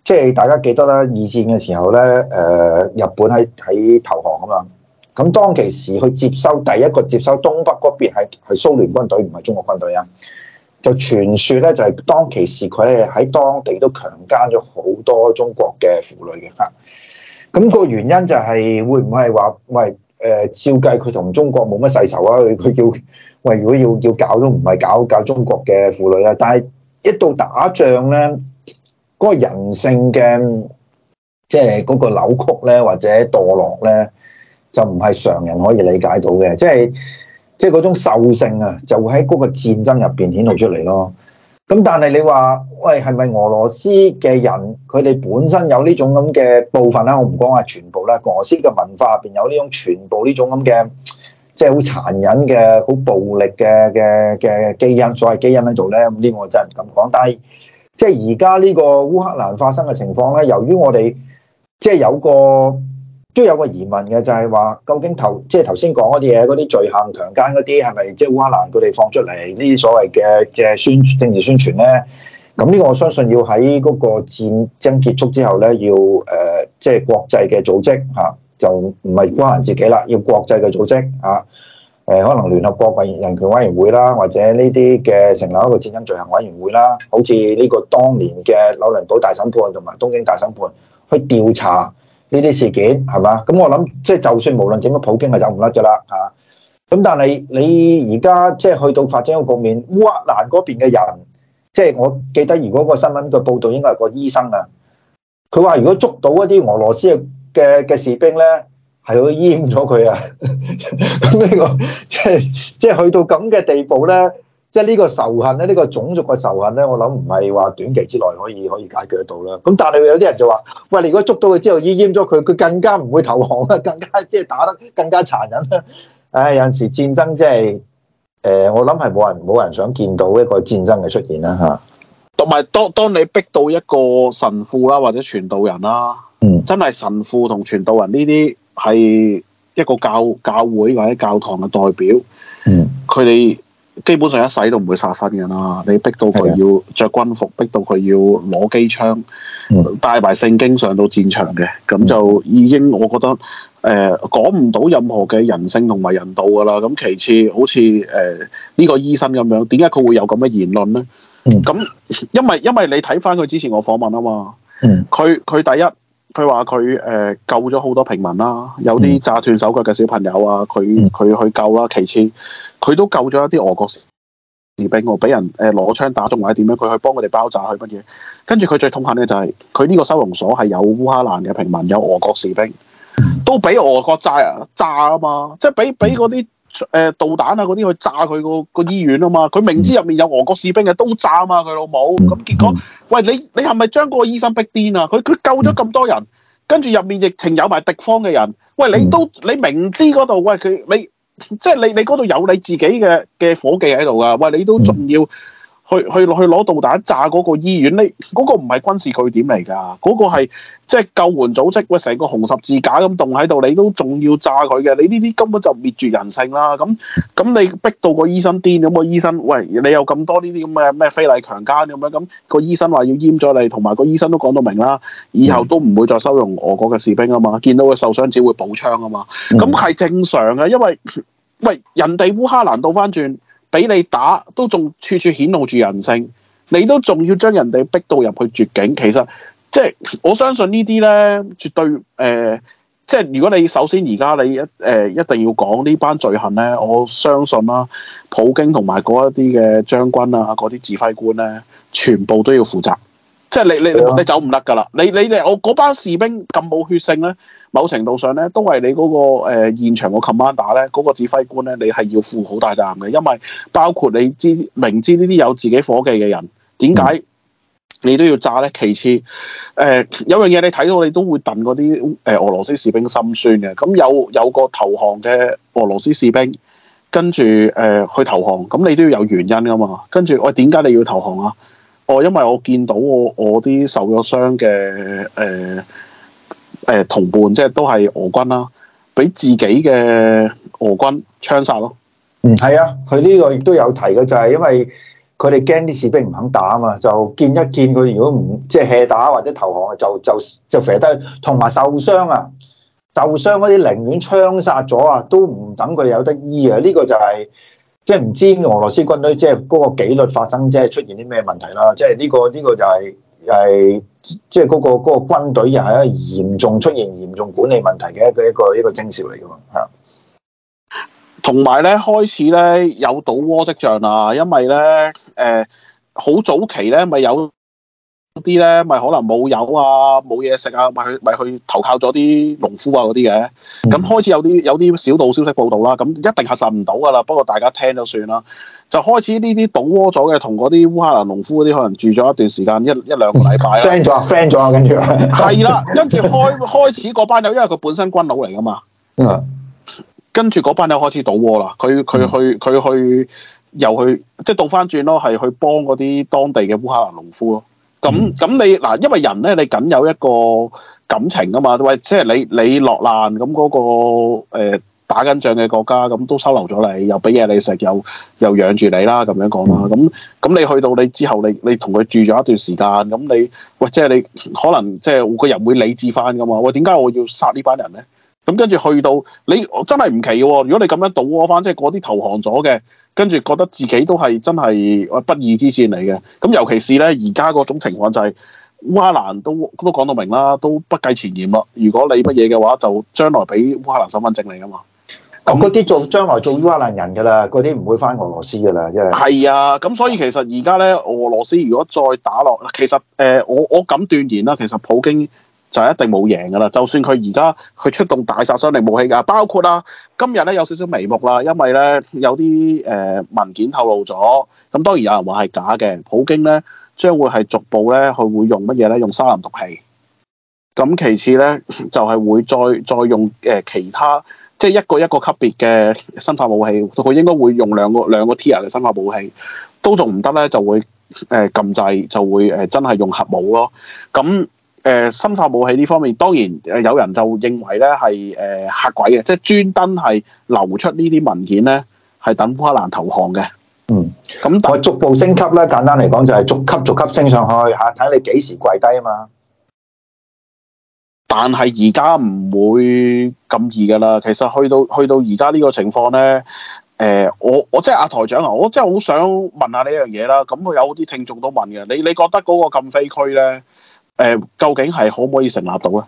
即、就、係、是、大家記得啦，二戰嘅時候咧，誒、呃、日本喺喺投降啊嘛。咁當其時去接收第一個接收東北嗰邊係係蘇聯軍隊，唔係中國軍隊啊！就傳説咧，就係當其時佢咧喺當地都強姦咗好多中國嘅婦女嘅嚇。咁個原因就係會唔會係話，唔係、呃、照計佢同中國冇乜世仇啊？佢佢要喂，如果要要，要搞都唔係搞搞中國嘅婦女啊！但係一到打仗咧，嗰個人性嘅即係嗰個扭曲咧，或者墮落咧。就唔係常人可以理解到嘅，即係即係嗰種獸性啊，就會喺嗰個戰爭入邊顯露出嚟咯。咁但係你話，喂，係咪俄羅斯嘅人佢哋本身有呢種咁嘅部分咧？我唔講啊，全部咧，俄羅斯嘅文化入邊有呢種全部呢種咁嘅，即係好殘忍嘅、好暴力嘅嘅嘅基因，所謂基因喺度咧。咁呢個我真係唔敢講。但係即係而家呢個烏克蘭發生嘅情況咧，由於我哋即係有個。都有個疑問嘅，就係話究竟頭即係頭先講嗰啲嘢，啲罪行強姦嗰啲係咪即係烏克蘭佢哋放出嚟呢啲所謂嘅嘅宣政治宣傳咧？咁呢個我相信要喺嗰個戰爭結束之後咧，要誒即係國際嘅組織嚇、啊，就唔係烏克蘭自己啦，要國際嘅組織嚇，誒、啊呃、可能聯合國民人權委員會啦，或者呢啲嘅成立一個戰爭罪行委員會啦，好似呢個當年嘅紐倫堡大審判同埋東京大審判去調查。呢啲事件係嘛？咁我諗即係就算無論點樣，普京係走唔甩噶啦嚇。咁、啊、但係你而家即係去到發展局面，烏克蘭嗰邊嘅人，即、就、係、是、我記得如果個新聞個報導應該係個醫生啊。佢話如果捉到一啲俄羅斯嘅嘅士兵咧，係會閹咗佢啊！咁呢個即係即係去到咁嘅地步咧。即係呢個仇恨咧，呢個種族嘅仇恨咧，我諗唔係話短期之內可以可以解決得到啦。咁但係有啲人就話：喂，你如果捉到佢之後，閹閹咗佢，佢更加唔會投降啦，更加即係打得更加殘忍啦。唉、哎，有陣時戰爭即係誒，我
諗係冇人冇人想見到一個戰爭嘅出現啦。嚇、啊，同埋當當你逼到一個神父啦，或者傳道人啦，嗯，真係神父同傳道人呢啲係一個教教會或者教堂嘅代表，嗯，佢哋。基本上一世都唔會殺生嘅啦，你逼到佢要着軍服，逼到佢要攞機槍，帶埋聖經上到戰場嘅，咁就已經我覺得誒講唔到任何嘅人性同埋人道噶啦。咁其次，好似誒呢個醫生咁樣，點解佢會有咁嘅言論呢？咁因為因為你睇返佢之前我訪問啊嘛，佢佢、嗯、第一佢話佢誒救咗好多平民啦，有啲炸斷手腳嘅小朋友啊，佢佢去救啦。其次。佢都救咗一啲俄國士兵喎，俾人誒攞、呃、槍打中或者點樣，佢去幫佢哋包紮去乜嘢？跟住佢最痛恨嘅就係佢呢個收容所係有烏克蘭嘅平民，有俄國士兵，都俾俄國炸啊炸啊嘛！即係俾俾嗰啲誒導彈啊嗰啲去炸佢個個醫院啊嘛！佢明知入面有俄國士兵嘅都炸啊嘛！佢老母咁結果，喂你你係咪將嗰個醫生逼癲啊？佢佢救咗咁多人，跟住入面疫情有埋敵方嘅人，喂你都你明知嗰度喂佢你。你即係你，你嗰度有你自己嘅嘅伙計喺度啊！喂，你都仲要。去去去攞導彈炸嗰個醫院，呢嗰、嗰個唔係軍事據點嚟㗎，嗰、嗰個係即係救援組織。喂，成個紅十字架咁棟喺度，你都仲要炸佢嘅？你呢啲根本就滅絕人性啦！咁咁你逼到個醫生癲，咁個醫生，喂，你有咁多呢啲咁嘅咩非禮強姦咁樣，咁個醫生話要閹咗你，同埋個醫生都講到明啦，以後都唔會再收容俄國嘅士兵啊嘛，見到佢受傷只會補槍啊嘛，咁係、嗯、正常嘅，因為喂，人哋烏克蘭倒翻轉。俾你打都仲處處顯露住人性，你都仲要將人哋逼到入去絕境，其實即係我相信呢啲咧，絕對誒、呃、即係如果你首先而家你一誒、呃、一定要講呢班罪行咧，我相信啦、啊，普京同埋嗰一啲嘅將軍啊，嗰啲指揮官咧，全部都要負責，即係你是、啊、你你走唔甩噶啦，你你你我嗰班士兵咁冇血性咧。某程度上咧，都係你嗰、那個誒、呃、現場個 commander 咧，嗰、那個指揮官咧，你係要負好大責任嘅，因為包括你知明知呢啲有自己夥計嘅人，點解你都要炸咧？其次，誒、呃、有樣嘢你睇到你都會戥嗰啲誒俄羅斯士兵心酸嘅。咁有有個投降嘅俄羅斯士兵，跟住誒、呃、去投降，咁你都要有原因噶嘛？跟住我點解你要投降啊？哦，因為我見到我我啲受咗傷嘅誒。呃誒同伴即係都係俄軍啦，俾自己嘅俄軍槍殺咯。
嗯，係啊，佢呢個亦都有提嘅，就係因為佢哋驚啲士兵唔肯打啊嘛，就見一見佢如果唔即係 hea 打或者投降啊，就就就射低，同埋受傷啊，受傷嗰啲寧願槍殺咗啊，都唔等佢有得醫啊。呢個就係即係唔知俄羅斯軍隊即係嗰個紀律發生即係出現啲咩問題啦。即係呢個呢個就係係。就係就係即係、嗰個、嗰個嗰、嗰個軍隊又係一個嚴重出現嚴重管理問題嘅一個一個一個徵兆嚟噶嘛，
係啊，同埋咧開始咧有倒戈跡象啦，因為咧誒好早期咧咪有。啲咧咪可能冇油啊，冇嘢食啊，咪去咪去投靠咗啲農夫啊嗰啲嘅。咁開始有啲有啲小道消息報道啦，咁一定係信唔到噶啦。不過大家聽就算啦。就開始呢啲倒戈咗嘅，同嗰啲烏克蘭農夫嗰啲可能住咗一段時間，一一兩個禮拜。friend 咗啊，friend 咗啊，跟住係啦，跟住開開始嗰班友，因為佢本身軍佬嚟噶嘛。嗯，跟住嗰班友開始倒戈啦。佢佢去佢去又去，即係倒翻轉咯，係去幫嗰啲當地嘅烏克蘭農夫咯。咁咁你嗱，因為人咧，你僅有一個感情啊嘛，喂，即係你你落難咁嗰個誒打緊仗嘅國家，咁都收留咗你，又俾嘢你食，又又養住你啦，咁樣講啦，咁咁你去到你之後，你你同佢住咗一段時間，咁你喂，即係你可能即係個人會理智翻噶嘛，喂，點解我要殺呢班人咧？咁、嗯、跟住去到你，真係唔奇嘅、哦。如果你咁樣倒戈翻，即係嗰啲投降咗嘅，跟住覺得自己都係真係不義之戰嚟嘅。咁尤其是呢，而家嗰種情況就係烏克蘭都都講到明啦，都不計前嫌啦。如果你乜嘢嘅話，就將來俾烏克蘭身份證你噶嘛。
咁嗰啲做將來做烏克蘭人噶啦，嗰啲唔會翻俄羅斯噶啦，
即係。係啊，咁所以其實而家呢，俄羅斯如果再打落，其實誒、呃，我我，我敢斷言啦，其實普京。就一定冇贏噶啦！就算佢而家佢出動大殺傷力武器啊，包括啦、啊，今日咧有少少眉目啦，因為咧有啲誒、呃、文件透露咗，咁當然有人話係假嘅。普京咧將會係逐步咧，佢會用乜嘢咧？用沙林毒氣。咁其次咧就係、是、會再再用誒、呃、其他即係一個一個級別嘅生化武器，佢應該會用兩個兩個 tier 嘅生化武器都仲唔得咧，就會誒撳掣，就會誒、呃、真係用核武咯。咁。誒，生化武器呢方面，當然誒有人就認為咧係誒嚇鬼嘅，即係專登係流出呢啲文件咧，係等烏克蘭投降嘅。嗯，
咁但我逐步升級咧，簡單嚟講就係逐級逐級升上去嚇，睇你幾時跪低啊嘛。
但係而家唔會咁易噶啦。其實去到去到而家呢個情況咧，誒我我即係阿台長啊，我真係好想問下呢一樣嘢啦。咁佢有好啲聽眾都問嘅，你你覺得嗰個禁飛區咧？誒，究竟係可唔可以成立到咧？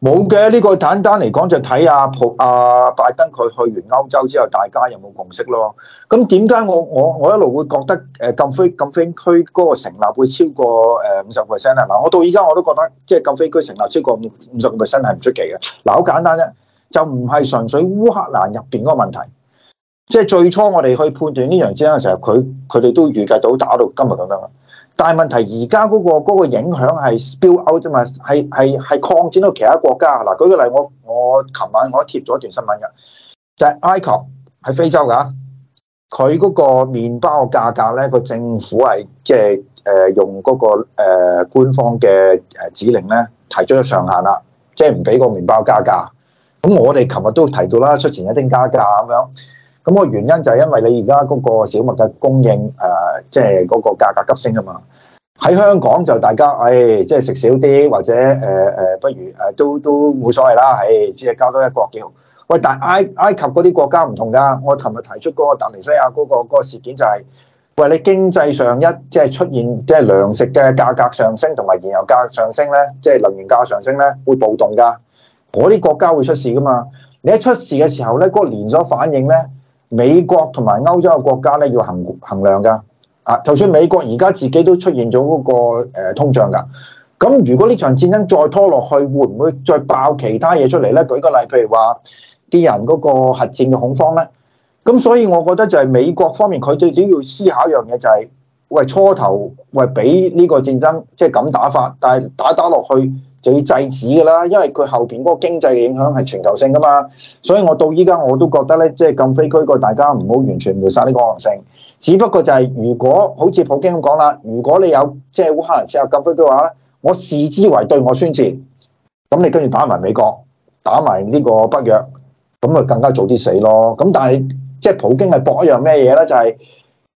冇嘅，呢個簡單嚟講就睇阿、啊、普阿、啊、拜登佢去完歐洲之後，大家有冇共識咯？咁點解我我我一路會覺得誒禁飛禁飛區嗰個成立會超過誒五十 percent 啊？嗱，我到依家我都覺得即係禁飛區成立超過五五十 percent 係唔出奇嘅。嗱，好簡單啫，就唔係純粹烏克蘭入邊嗰個問題。即係最初我哋去判斷呢樣嘢嘅時候，佢佢哋都預計到打到今日咁樣啊。但係問題、嗰個，而家嗰個影響係 spill out 啫嘛，係係係擴展到其他國家。嗱，舉個例，我我琴晚我貼咗一段新聞嘅，就係、係、埃國喺非洲㗎，佢嗰個麵包價格咧，個政府係即係誒用嗰、嗰個、呃、官方嘅誒指令咧，提出咗上限啦，即係唔俾個麵包加價。咁我哋琴日都提到啦，出前一丁加價嘅。咁樣。咁個原因就係因為你而家嗰個小麥嘅供應誒，即係嗰個價格急升啊嘛。喺香港就大家誒，即係食少啲或者誒誒、呃呃，不如誒、呃、都都冇所謂啦。誒、哎，只、就、係、是、交多一個幾好。喂，但係埃埃及嗰啲國家唔同㗎。我琴日提出嗰個達尼西亞嗰、那個、那個事件就係、是、喂，你經濟上一即係、就是、出現即係、就是、糧食嘅價格上升同埋燃油價上升咧，即、就、係、是、能源價上升咧，會暴動㗎。嗰啲國家會出事㗎嘛？你一出事嘅時候咧，嗰、那個連鎖反應咧。美國同埋歐洲嘅國家咧要衡衡量㗎啊！就算美國而家自己都出現咗嗰個誒通脹㗎，咁如果呢場戰爭再拖落去，會唔會再爆其他嘢出嚟咧？舉個例，譬如話啲人嗰個核戰嘅恐慌咧，咁所以我覺得就係美國方面，佢最主要思考一樣嘢就係、是，喂初頭喂，俾呢個戰爭即係咁打法，但係打打落去。就要制止噶啦，因為佢後邊嗰個經濟影響係全球性噶嘛，所以我到依家我都覺得咧，即係禁飛區個大家唔好完全抹殺呢個可能性。只不過就係如果好似普京咁講啦，如果你有即係烏克蘭適合禁飛區嘅話咧，我視之為對我宣戰，咁你跟住打埋美國打埋呢個北約，咁咪更加早啲死咯。咁但係即係普京係搏一樣咩嘢咧？就係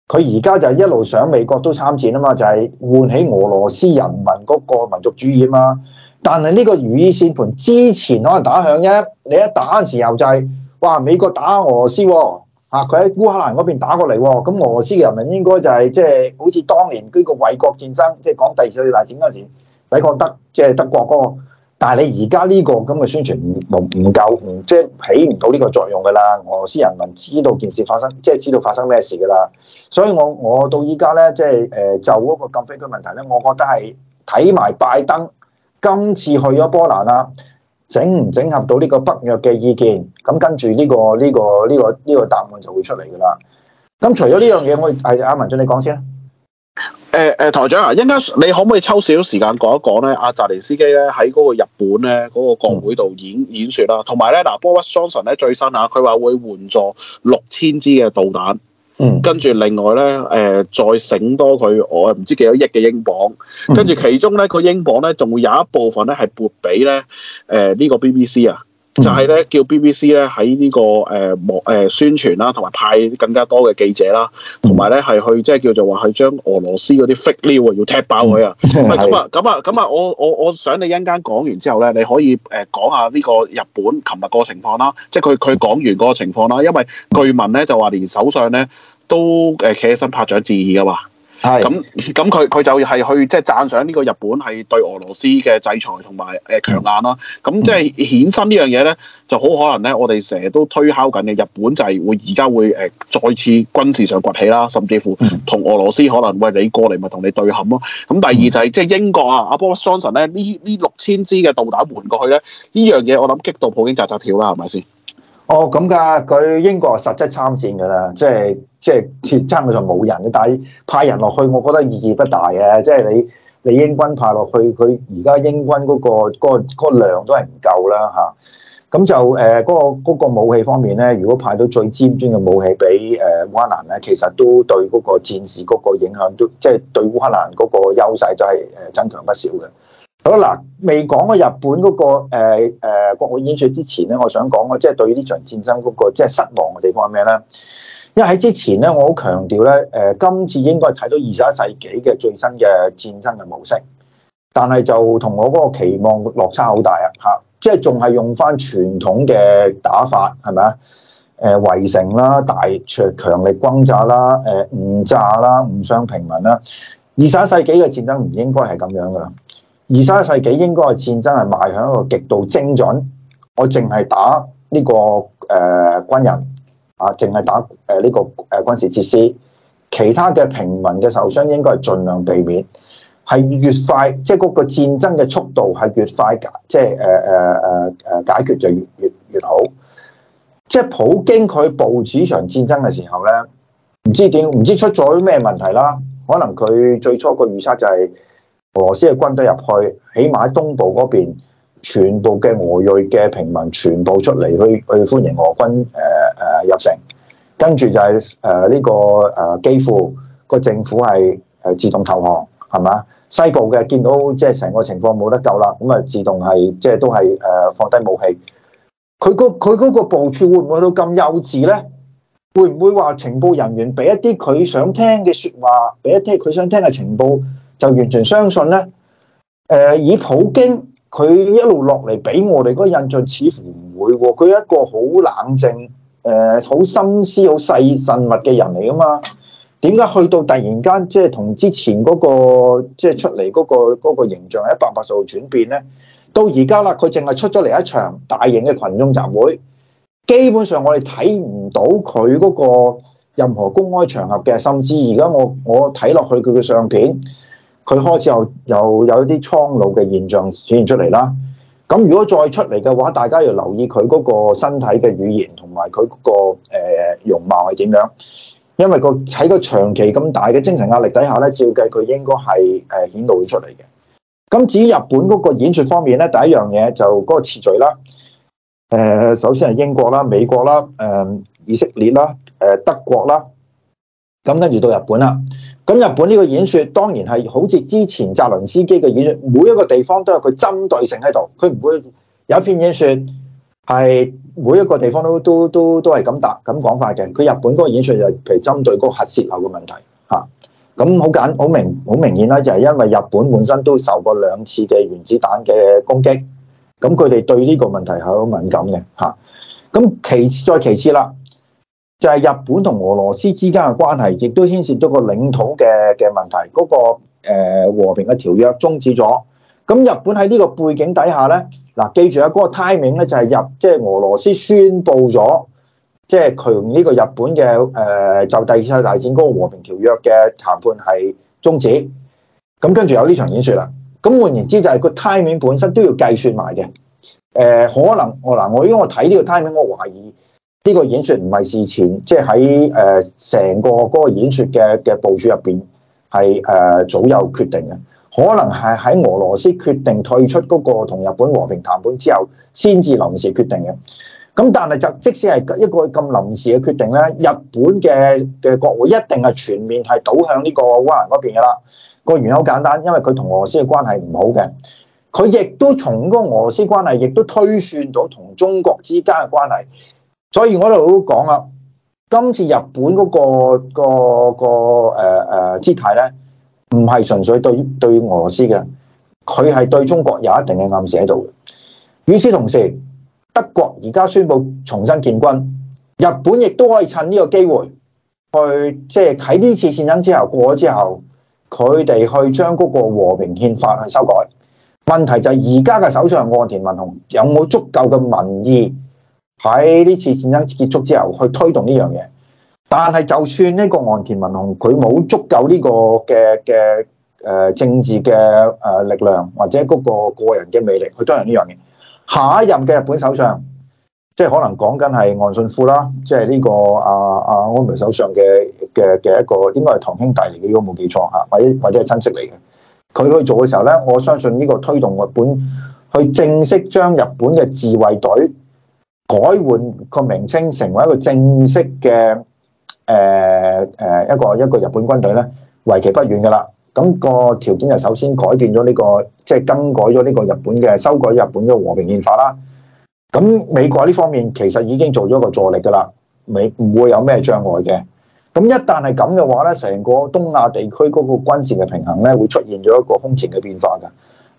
佢而家就係一路上美國都參戰啊嘛，就係、是、喚起俄羅斯人民嗰個民族主義啊嘛。但係呢個如意線盤之前可能打響啫，你一打嗰陣時又就係、是、哇美國打俄羅斯喎，佢、啊、喺烏克蘭嗰邊打過嚟喎，咁、啊嗯、俄羅斯嘅人民應該就係即係好似當年呢個衛國戰爭，即、就、係、是、講第二次大戰嗰陣時，美國得即係德國、那個。但係你而家呢個咁嘅宣傳唔唔唔夠，即係、就是、起唔到呢個作用㗎啦。俄羅斯人民知道件事發生，即、就、係、是、知道發生咩事㗎啦。所以我我到依家咧，即係誒就嗰、是呃、個禁飛區問題咧，我覺得係睇埋拜登。今次去咗波蘭啦，啊，整唔整合到呢個北約嘅意見，咁跟住呢、這個呢、這個呢、這個呢、這個答案就會出嚟噶啦。咁除咗呢樣嘢，我係阿文俊你，你講先
啦。誒、呃、誒，台長啊，依家你可唔可以抽少少時間講一講咧？阿、啊、澤連斯基咧喺嗰個日本咧嗰、那個國會度演、嗯、演說啦，啊，同埋咧嗱，Boris Johnson 咧最新啊，佢話會援助六千支嘅導彈。嗯、跟住另外咧，誒、呃、再醒多佢，我唔知幾多億嘅英鎊，跟住其中咧佢英鎊咧，仲會有一部分咧係撥俾咧，誒、呃、呢、這個 BBC 啊。就係咧，叫 BBC 咧喺呢、這個誒莫、呃呃、宣傳啦，同埋派更加多嘅記者啦，同埋咧係去即係叫做話去將俄羅斯嗰啲 fake news 啊，要踢爆佢、嗯、啊！咁啊咁啊咁啊！我我我想你一陣間講完之後咧，你可以誒、呃、講下呢個日本琴日個情況啦，即係佢佢講完嗰個情況啦，因為據聞咧就話連首相咧都誒企起身拍掌致意噶嘛。係，咁咁佢佢就係去即係讚賞呢個日本係對俄羅斯嘅制裁同埋誒強硬啦、啊，咁即係顯身呢樣嘢咧，就好可能咧，我哋成日都推敲緊嘅日本就係會而家會誒再次軍事上崛起啦，甚至乎同俄羅斯可能喂、哎、你過嚟咪同你對冚咯、啊，咁、嗯嗯、第二就係即係英國啊阿波 o b j s o n 咧，呢呢六千支嘅導彈換過去咧，呢樣嘢我諗激到普京扎扎跳啦，係咪先？是
哦，咁噶，佢英國實質參戰噶啦，即係即係設爭就冇人，但係派人落去，我覺得意義不大嘅，即係你你英軍派落去，佢而家英軍嗰、嗰個嗰、嗰個嗰個、量都係唔夠啦嚇，咁、啊、就誒嗰、呃嗰個嗰個武器方面咧，如果派到最尖端嘅武器俾誒烏克蘭咧，其實都對嗰個戰事嗰個影響都即係、就是、對烏克蘭嗰個優勢就係誒增強不少嘅。好嗱，未講過日本嗰、那個誒誒國會演說之前咧，我想講嘅即係對於呢場戰爭嗰、那個即係失望嘅地方係咩咧？因為喺之前咧，我好強調咧，誒、呃、今次應該係睇到二十一世紀嘅最新嘅戰爭嘅模式，但係就同我嗰個期望落差好大啊！嚇，即係仲係用翻傳統嘅打法係咪啊？誒圍、呃、城啦、大強強力轟炸啦、誒誤炸啦、誤傷平民啦，二十一世紀嘅戰爭唔應該係咁樣噶。二十一世紀應該係戰爭係邁向一個極度精準我、這個。我淨係打呢個誒軍人啊，淨係打誒呢、呃這個誒、呃、軍事設施，其他嘅平民嘅受傷應該係盡量避免。係越快，即係嗰個戰爭嘅速度係越快解，即係誒誒誒誒解決就越越越好。即、就、係、是、普京佢部署場戰爭嘅時候咧，唔知點，唔知出咗咩問題啦。可能佢最初個預測就係、是。俄羅斯嘅軍隊入去，起碼喺東部嗰邊，全部嘅俄裔嘅平民全部出嚟去去歡迎俄軍誒誒、呃、入城，跟住就係誒呢個誒基輔個政府係誒、呃、自動投降，係嘛？西部嘅見到即係成個情況冇得救啦，咁啊自動係即係都係誒放低武器。佢個佢個部署會唔會到咁幼稚呢？會唔會話情報人員俾一啲佢想聽嘅說話，俾一啲佢想聽嘅情報？就完全相信呢。誒、呃、以普京佢一路落嚟俾我哋嗰印象，似乎唔會、哦，喎。佢一個好冷靜、誒好心思、好細慎密嘅人嚟噶嘛？點解去到突然間即係同之前嗰、那個即係出嚟嗰、那個那個形象係一百八十度轉變呢？到而家啦，佢淨係出咗嚟一場大型嘅群眾集會，基本上我哋睇唔到佢嗰個任何公開場合嘅，甚至而家我我睇落去佢嘅相片。佢開始有有有一啲蒼老嘅現象顯現出嚟啦。咁如果再出嚟嘅話，大家要留意佢嗰個身體嘅語言同埋佢嗰個容貌係點樣？因為個喺個長期咁大嘅精神壓力底下咧，照計佢應該係誒顯露出嚟嘅。咁至於日本嗰個演出方面咧，第一樣嘢就嗰個次序啦。誒、呃，首先係英國啦、美國啦、誒義式列啦、誒、呃、德國啦，咁跟住到日本啦。咁日本呢個演說當然係好似之前澤倫斯基嘅演說，每一個地方都有佢針對性喺度，佢唔會有一篇演說係每一個地方都都都都係咁答咁講法嘅。佢日本嗰個演說就係，譬如針對嗰個核洩漏嘅問題吓，咁好簡好明好明顯啦，就係因為日本本身都受過兩次嘅原子彈嘅攻擊，咁佢哋對呢個問題係好敏感嘅吓。咁其次再其次啦。就係日本同俄羅斯之間嘅關係，亦都牽涉到個領土嘅嘅問題。嗰、那個誒、呃、和平嘅條約終止咗。咁日本喺呢個背景底下咧，嗱、啊，記住啊，嗰、那個 timing 咧就係日即係俄羅斯宣佈咗，即係強呢個日本嘅誒、呃、就第二次大戰嗰個和平條約嘅談判係終止。咁跟住有呢場演說啦。咁換言之，就係個 timing 本身都要計算埋嘅。誒、呃，可能我嗱我因為我睇呢個 timing，我懷疑。呢個演説唔係事前，即係喺誒成個嗰個演説嘅嘅部署入邊係誒早有決定嘅，可能係喺俄羅斯決定退出嗰個同日本和平談判之後先至臨時決定嘅。咁但係就即使係一個咁臨時嘅決定咧，日本嘅嘅國會一定係全面係倒向呢個烏克蘭嗰邊嘅啦。個原因好簡單，因為佢同俄羅斯嘅關係唔好嘅，佢亦都從嗰個俄羅斯關係，亦都推算到同中國之間嘅關係。所以我哋都講啦，今次日本嗰、個、個、個誒誒姿態咧，唔係純粹對對俄羅斯嘅，佢係對中國有一定嘅暗示喺度。與此同時，德國而家宣布重新建軍，日本亦都可以趁呢個機會去，即係喺呢次戰爭之後過咗之後，佢哋去將嗰個和平憲法去修改。問題就係而家嘅首相岸田文雄有冇足夠嘅民意？喺呢次戰爭結束之後，去推動呢樣嘢。但係就算呢個岸田文雄，佢冇足夠呢個嘅嘅誒政治嘅誒、呃、力量，或者嗰個個人嘅魅力去推行呢樣嘢。下一任嘅日本首相，即係可能講緊係岸信夫啦，即係呢、這個阿阿、啊啊、安倍首相嘅嘅嘅一個，應該係堂兄弟嚟嘅，如果冇記錯吓，或者或者係親戚嚟嘅。佢去做嘅時候咧，我相信呢個推動日本去正式將日本嘅自衛隊。改換個名稱，成為一個正式嘅誒誒一個一個日本軍隊咧，為期不遠噶啦。咁個條件就首先改變咗呢個，即係更改咗呢個日本嘅修改日本嘅和平憲法啦。咁美國呢方面其實已經做咗個助力噶啦，美唔會有咩障礙嘅。咁一旦係咁嘅話咧，成個東亞地區嗰個軍事嘅平衡咧會出現咗一個空前嘅變化噶。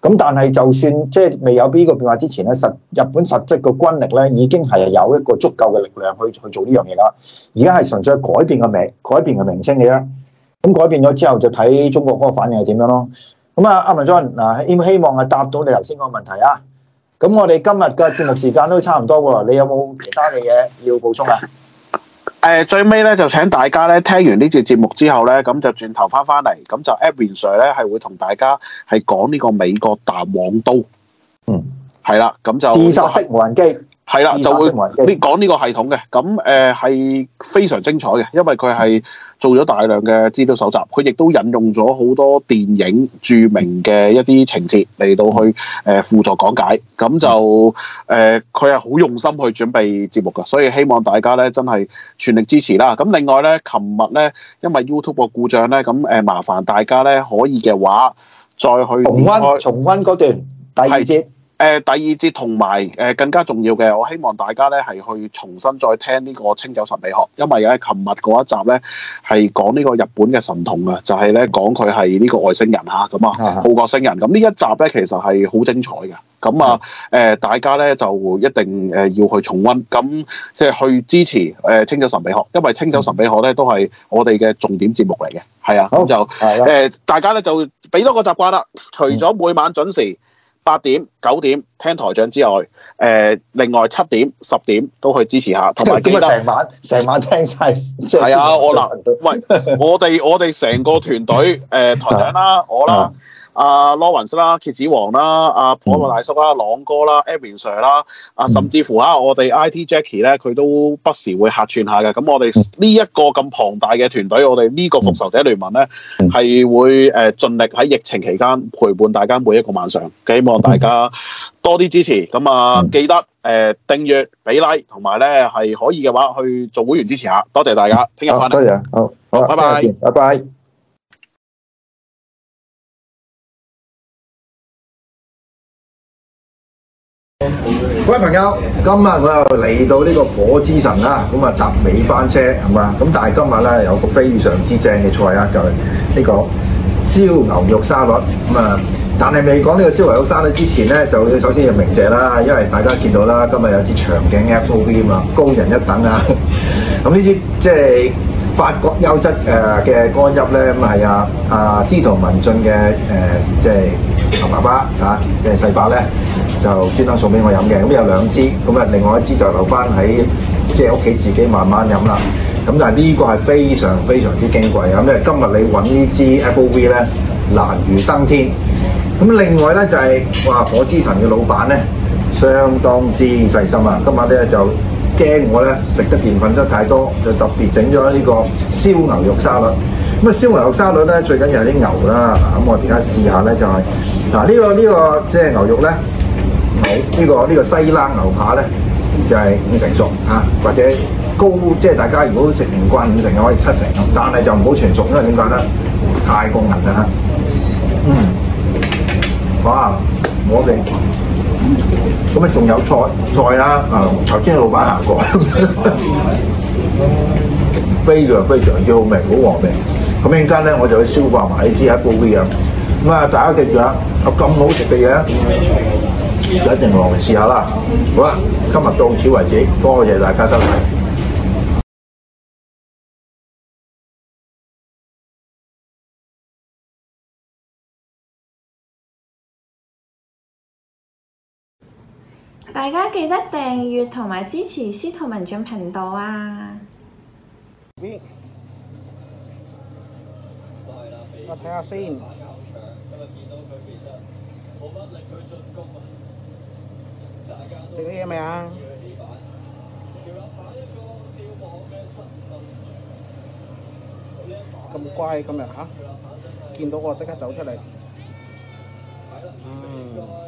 咁但係就算即係未有呢個變化之前咧，實日本實質嘅軍力咧已經係有一個足夠嘅力量去去做呢樣嘢啦。而家係純粹改變個名，改變個名稱嘅啫。咁改變咗之後，就睇中國嗰個反應係點樣咯。咁啊，阿文進嗱，啊，希望係答到你頭先個問題啊。咁我哋今日嘅節目時間都差唔多喎，你有冇其他嘅嘢要補充啊？
誒、呃、最尾咧就請大家咧聽完呢節節目之後咧，咁就轉頭翻翻嚟，咁就 Abby Sir 咧係會同大家係講呢個美國彈簧刀。嗯，係啦，咁就。自殺式無人機。係啦，就會你講呢個系統嘅，咁誒係非常精彩嘅，因為佢係做咗大量嘅資料搜集，佢亦都引用咗好多電影著名嘅一啲情節嚟到去誒、呃、輔助講解，咁就誒佢係好用心去準備節目㗎，所以希望大家咧真係全力支持啦。咁另外咧，琴日咧因為 YouTube 個故障咧，咁誒麻煩大家咧可以嘅話再去重温，重温嗰段第二節。誒、呃，第二節同埋誒，更加重要嘅，我希望大家咧係去重新再聽呢個清酒神秘學。因為咧，琴日嗰一集咧係講呢個日本嘅神童啊，就係咧講佢係呢個外星人吓，咁啊，浩角星人。咁呢一集咧，其實係好精彩嘅。咁啊，誒、呃，大家咧就一定誒要去重溫，咁即係去支持誒、呃、清酒神秘學，因為清酒神秘學咧都係我哋嘅重點節目嚟嘅。係啊，咁就誒、呃，大家咧就俾多個習慣啦，除咗每晚準時。八點、九點聽台長之外，誒、呃、另外七點、十點都去支持下，同埋今日成
晚成晚聽晒，係 (laughs) 啊我嗱，
(laughs) 喂我哋我哋成個團隊誒台長啦， (laughs) 我啦。 (laughs) 阿、啊、Lawrence 啦、蠍子王啦、阿、啊、火龍大叔啦、朗哥啦、Evan Sir 啦、啊，甚至乎啊，我哋 IT Jackie 咧，佢都不時會客串下嘅。咁我哋呢一個咁龐大嘅團隊，我哋呢個復仇者聯盟咧，係、嗯、會誒、呃、盡力喺疫情期間陪伴大家每一個晚上。希望大家多啲支持，咁啊記得誒訂閱、俾、呃、like，同埋咧係可以嘅話去做會員支持下。多謝大家，聽日翻嚟。多謝，好好，拜拜，拜拜。各位朋友，今日我又嚟
到呢個火之神啦，咁啊搭尾班車係嘛，咁但係今日咧有個非常之正嘅菜啊，就係呢個燒牛肉沙律，咁啊，但係未講呢個燒牛肉沙律之前咧，就首先要鳴謝啦，因為大家見到啦，今日有支長頸 F O B 啊，高人一等啊，咁呢支即係。法國優質誒嘅干邑咧，咁係啊啊，司徒文進嘅誒，即係同爸爸嚇、啊，即係細伯咧，就專登送俾我飲嘅。咁、嗯、有兩支，咁、嗯、啊，另外一支就留翻喺即係屋企自己慢慢飲啦。咁、嗯、但係呢個係非常非常之矜貴啊！咩、嗯？今日你揾呢支 F.O.V 咧，難如登天。咁、嗯、另外咧就係、是、哇，火之神嘅老闆咧，相當之細心啊！今晚咧就～驚我咧食得澱粉質太多，就特別整咗呢個燒牛肉沙律。咁啊，燒牛肉沙律咧最緊要係啲牛啦。咁、啊啊、我而家試下咧就係、是、嗱，呢、啊這個呢、這個即係牛肉咧，冇、這、呢個呢、這個西冷牛扒咧就係、是、五成熟啊，或者高即係、就是、大家如果食唔慣五成嘅可以七成，但係就唔好全熟，因為點解咧？太過韌啦嚇。嗯，哇，我哋～咁啊，仲有菜菜啦，啊頭先老闆行過 (laughs) 非，非常非常之好味，好和味。咁陣間咧，我就去消化埋呢啲喺庫邊嘅。咁啊，大家記住啊，有咁好食嘅嘢，一定嚟試下啦。好啦，今日到此為止，多
謝大家收睇。大家記得訂閱同埋支持
司徒文進頻道啊！我
睇下先。
食咗嘢未啊？咁
乖咁樣吓？見到我即刻走出嚟。嗯嗯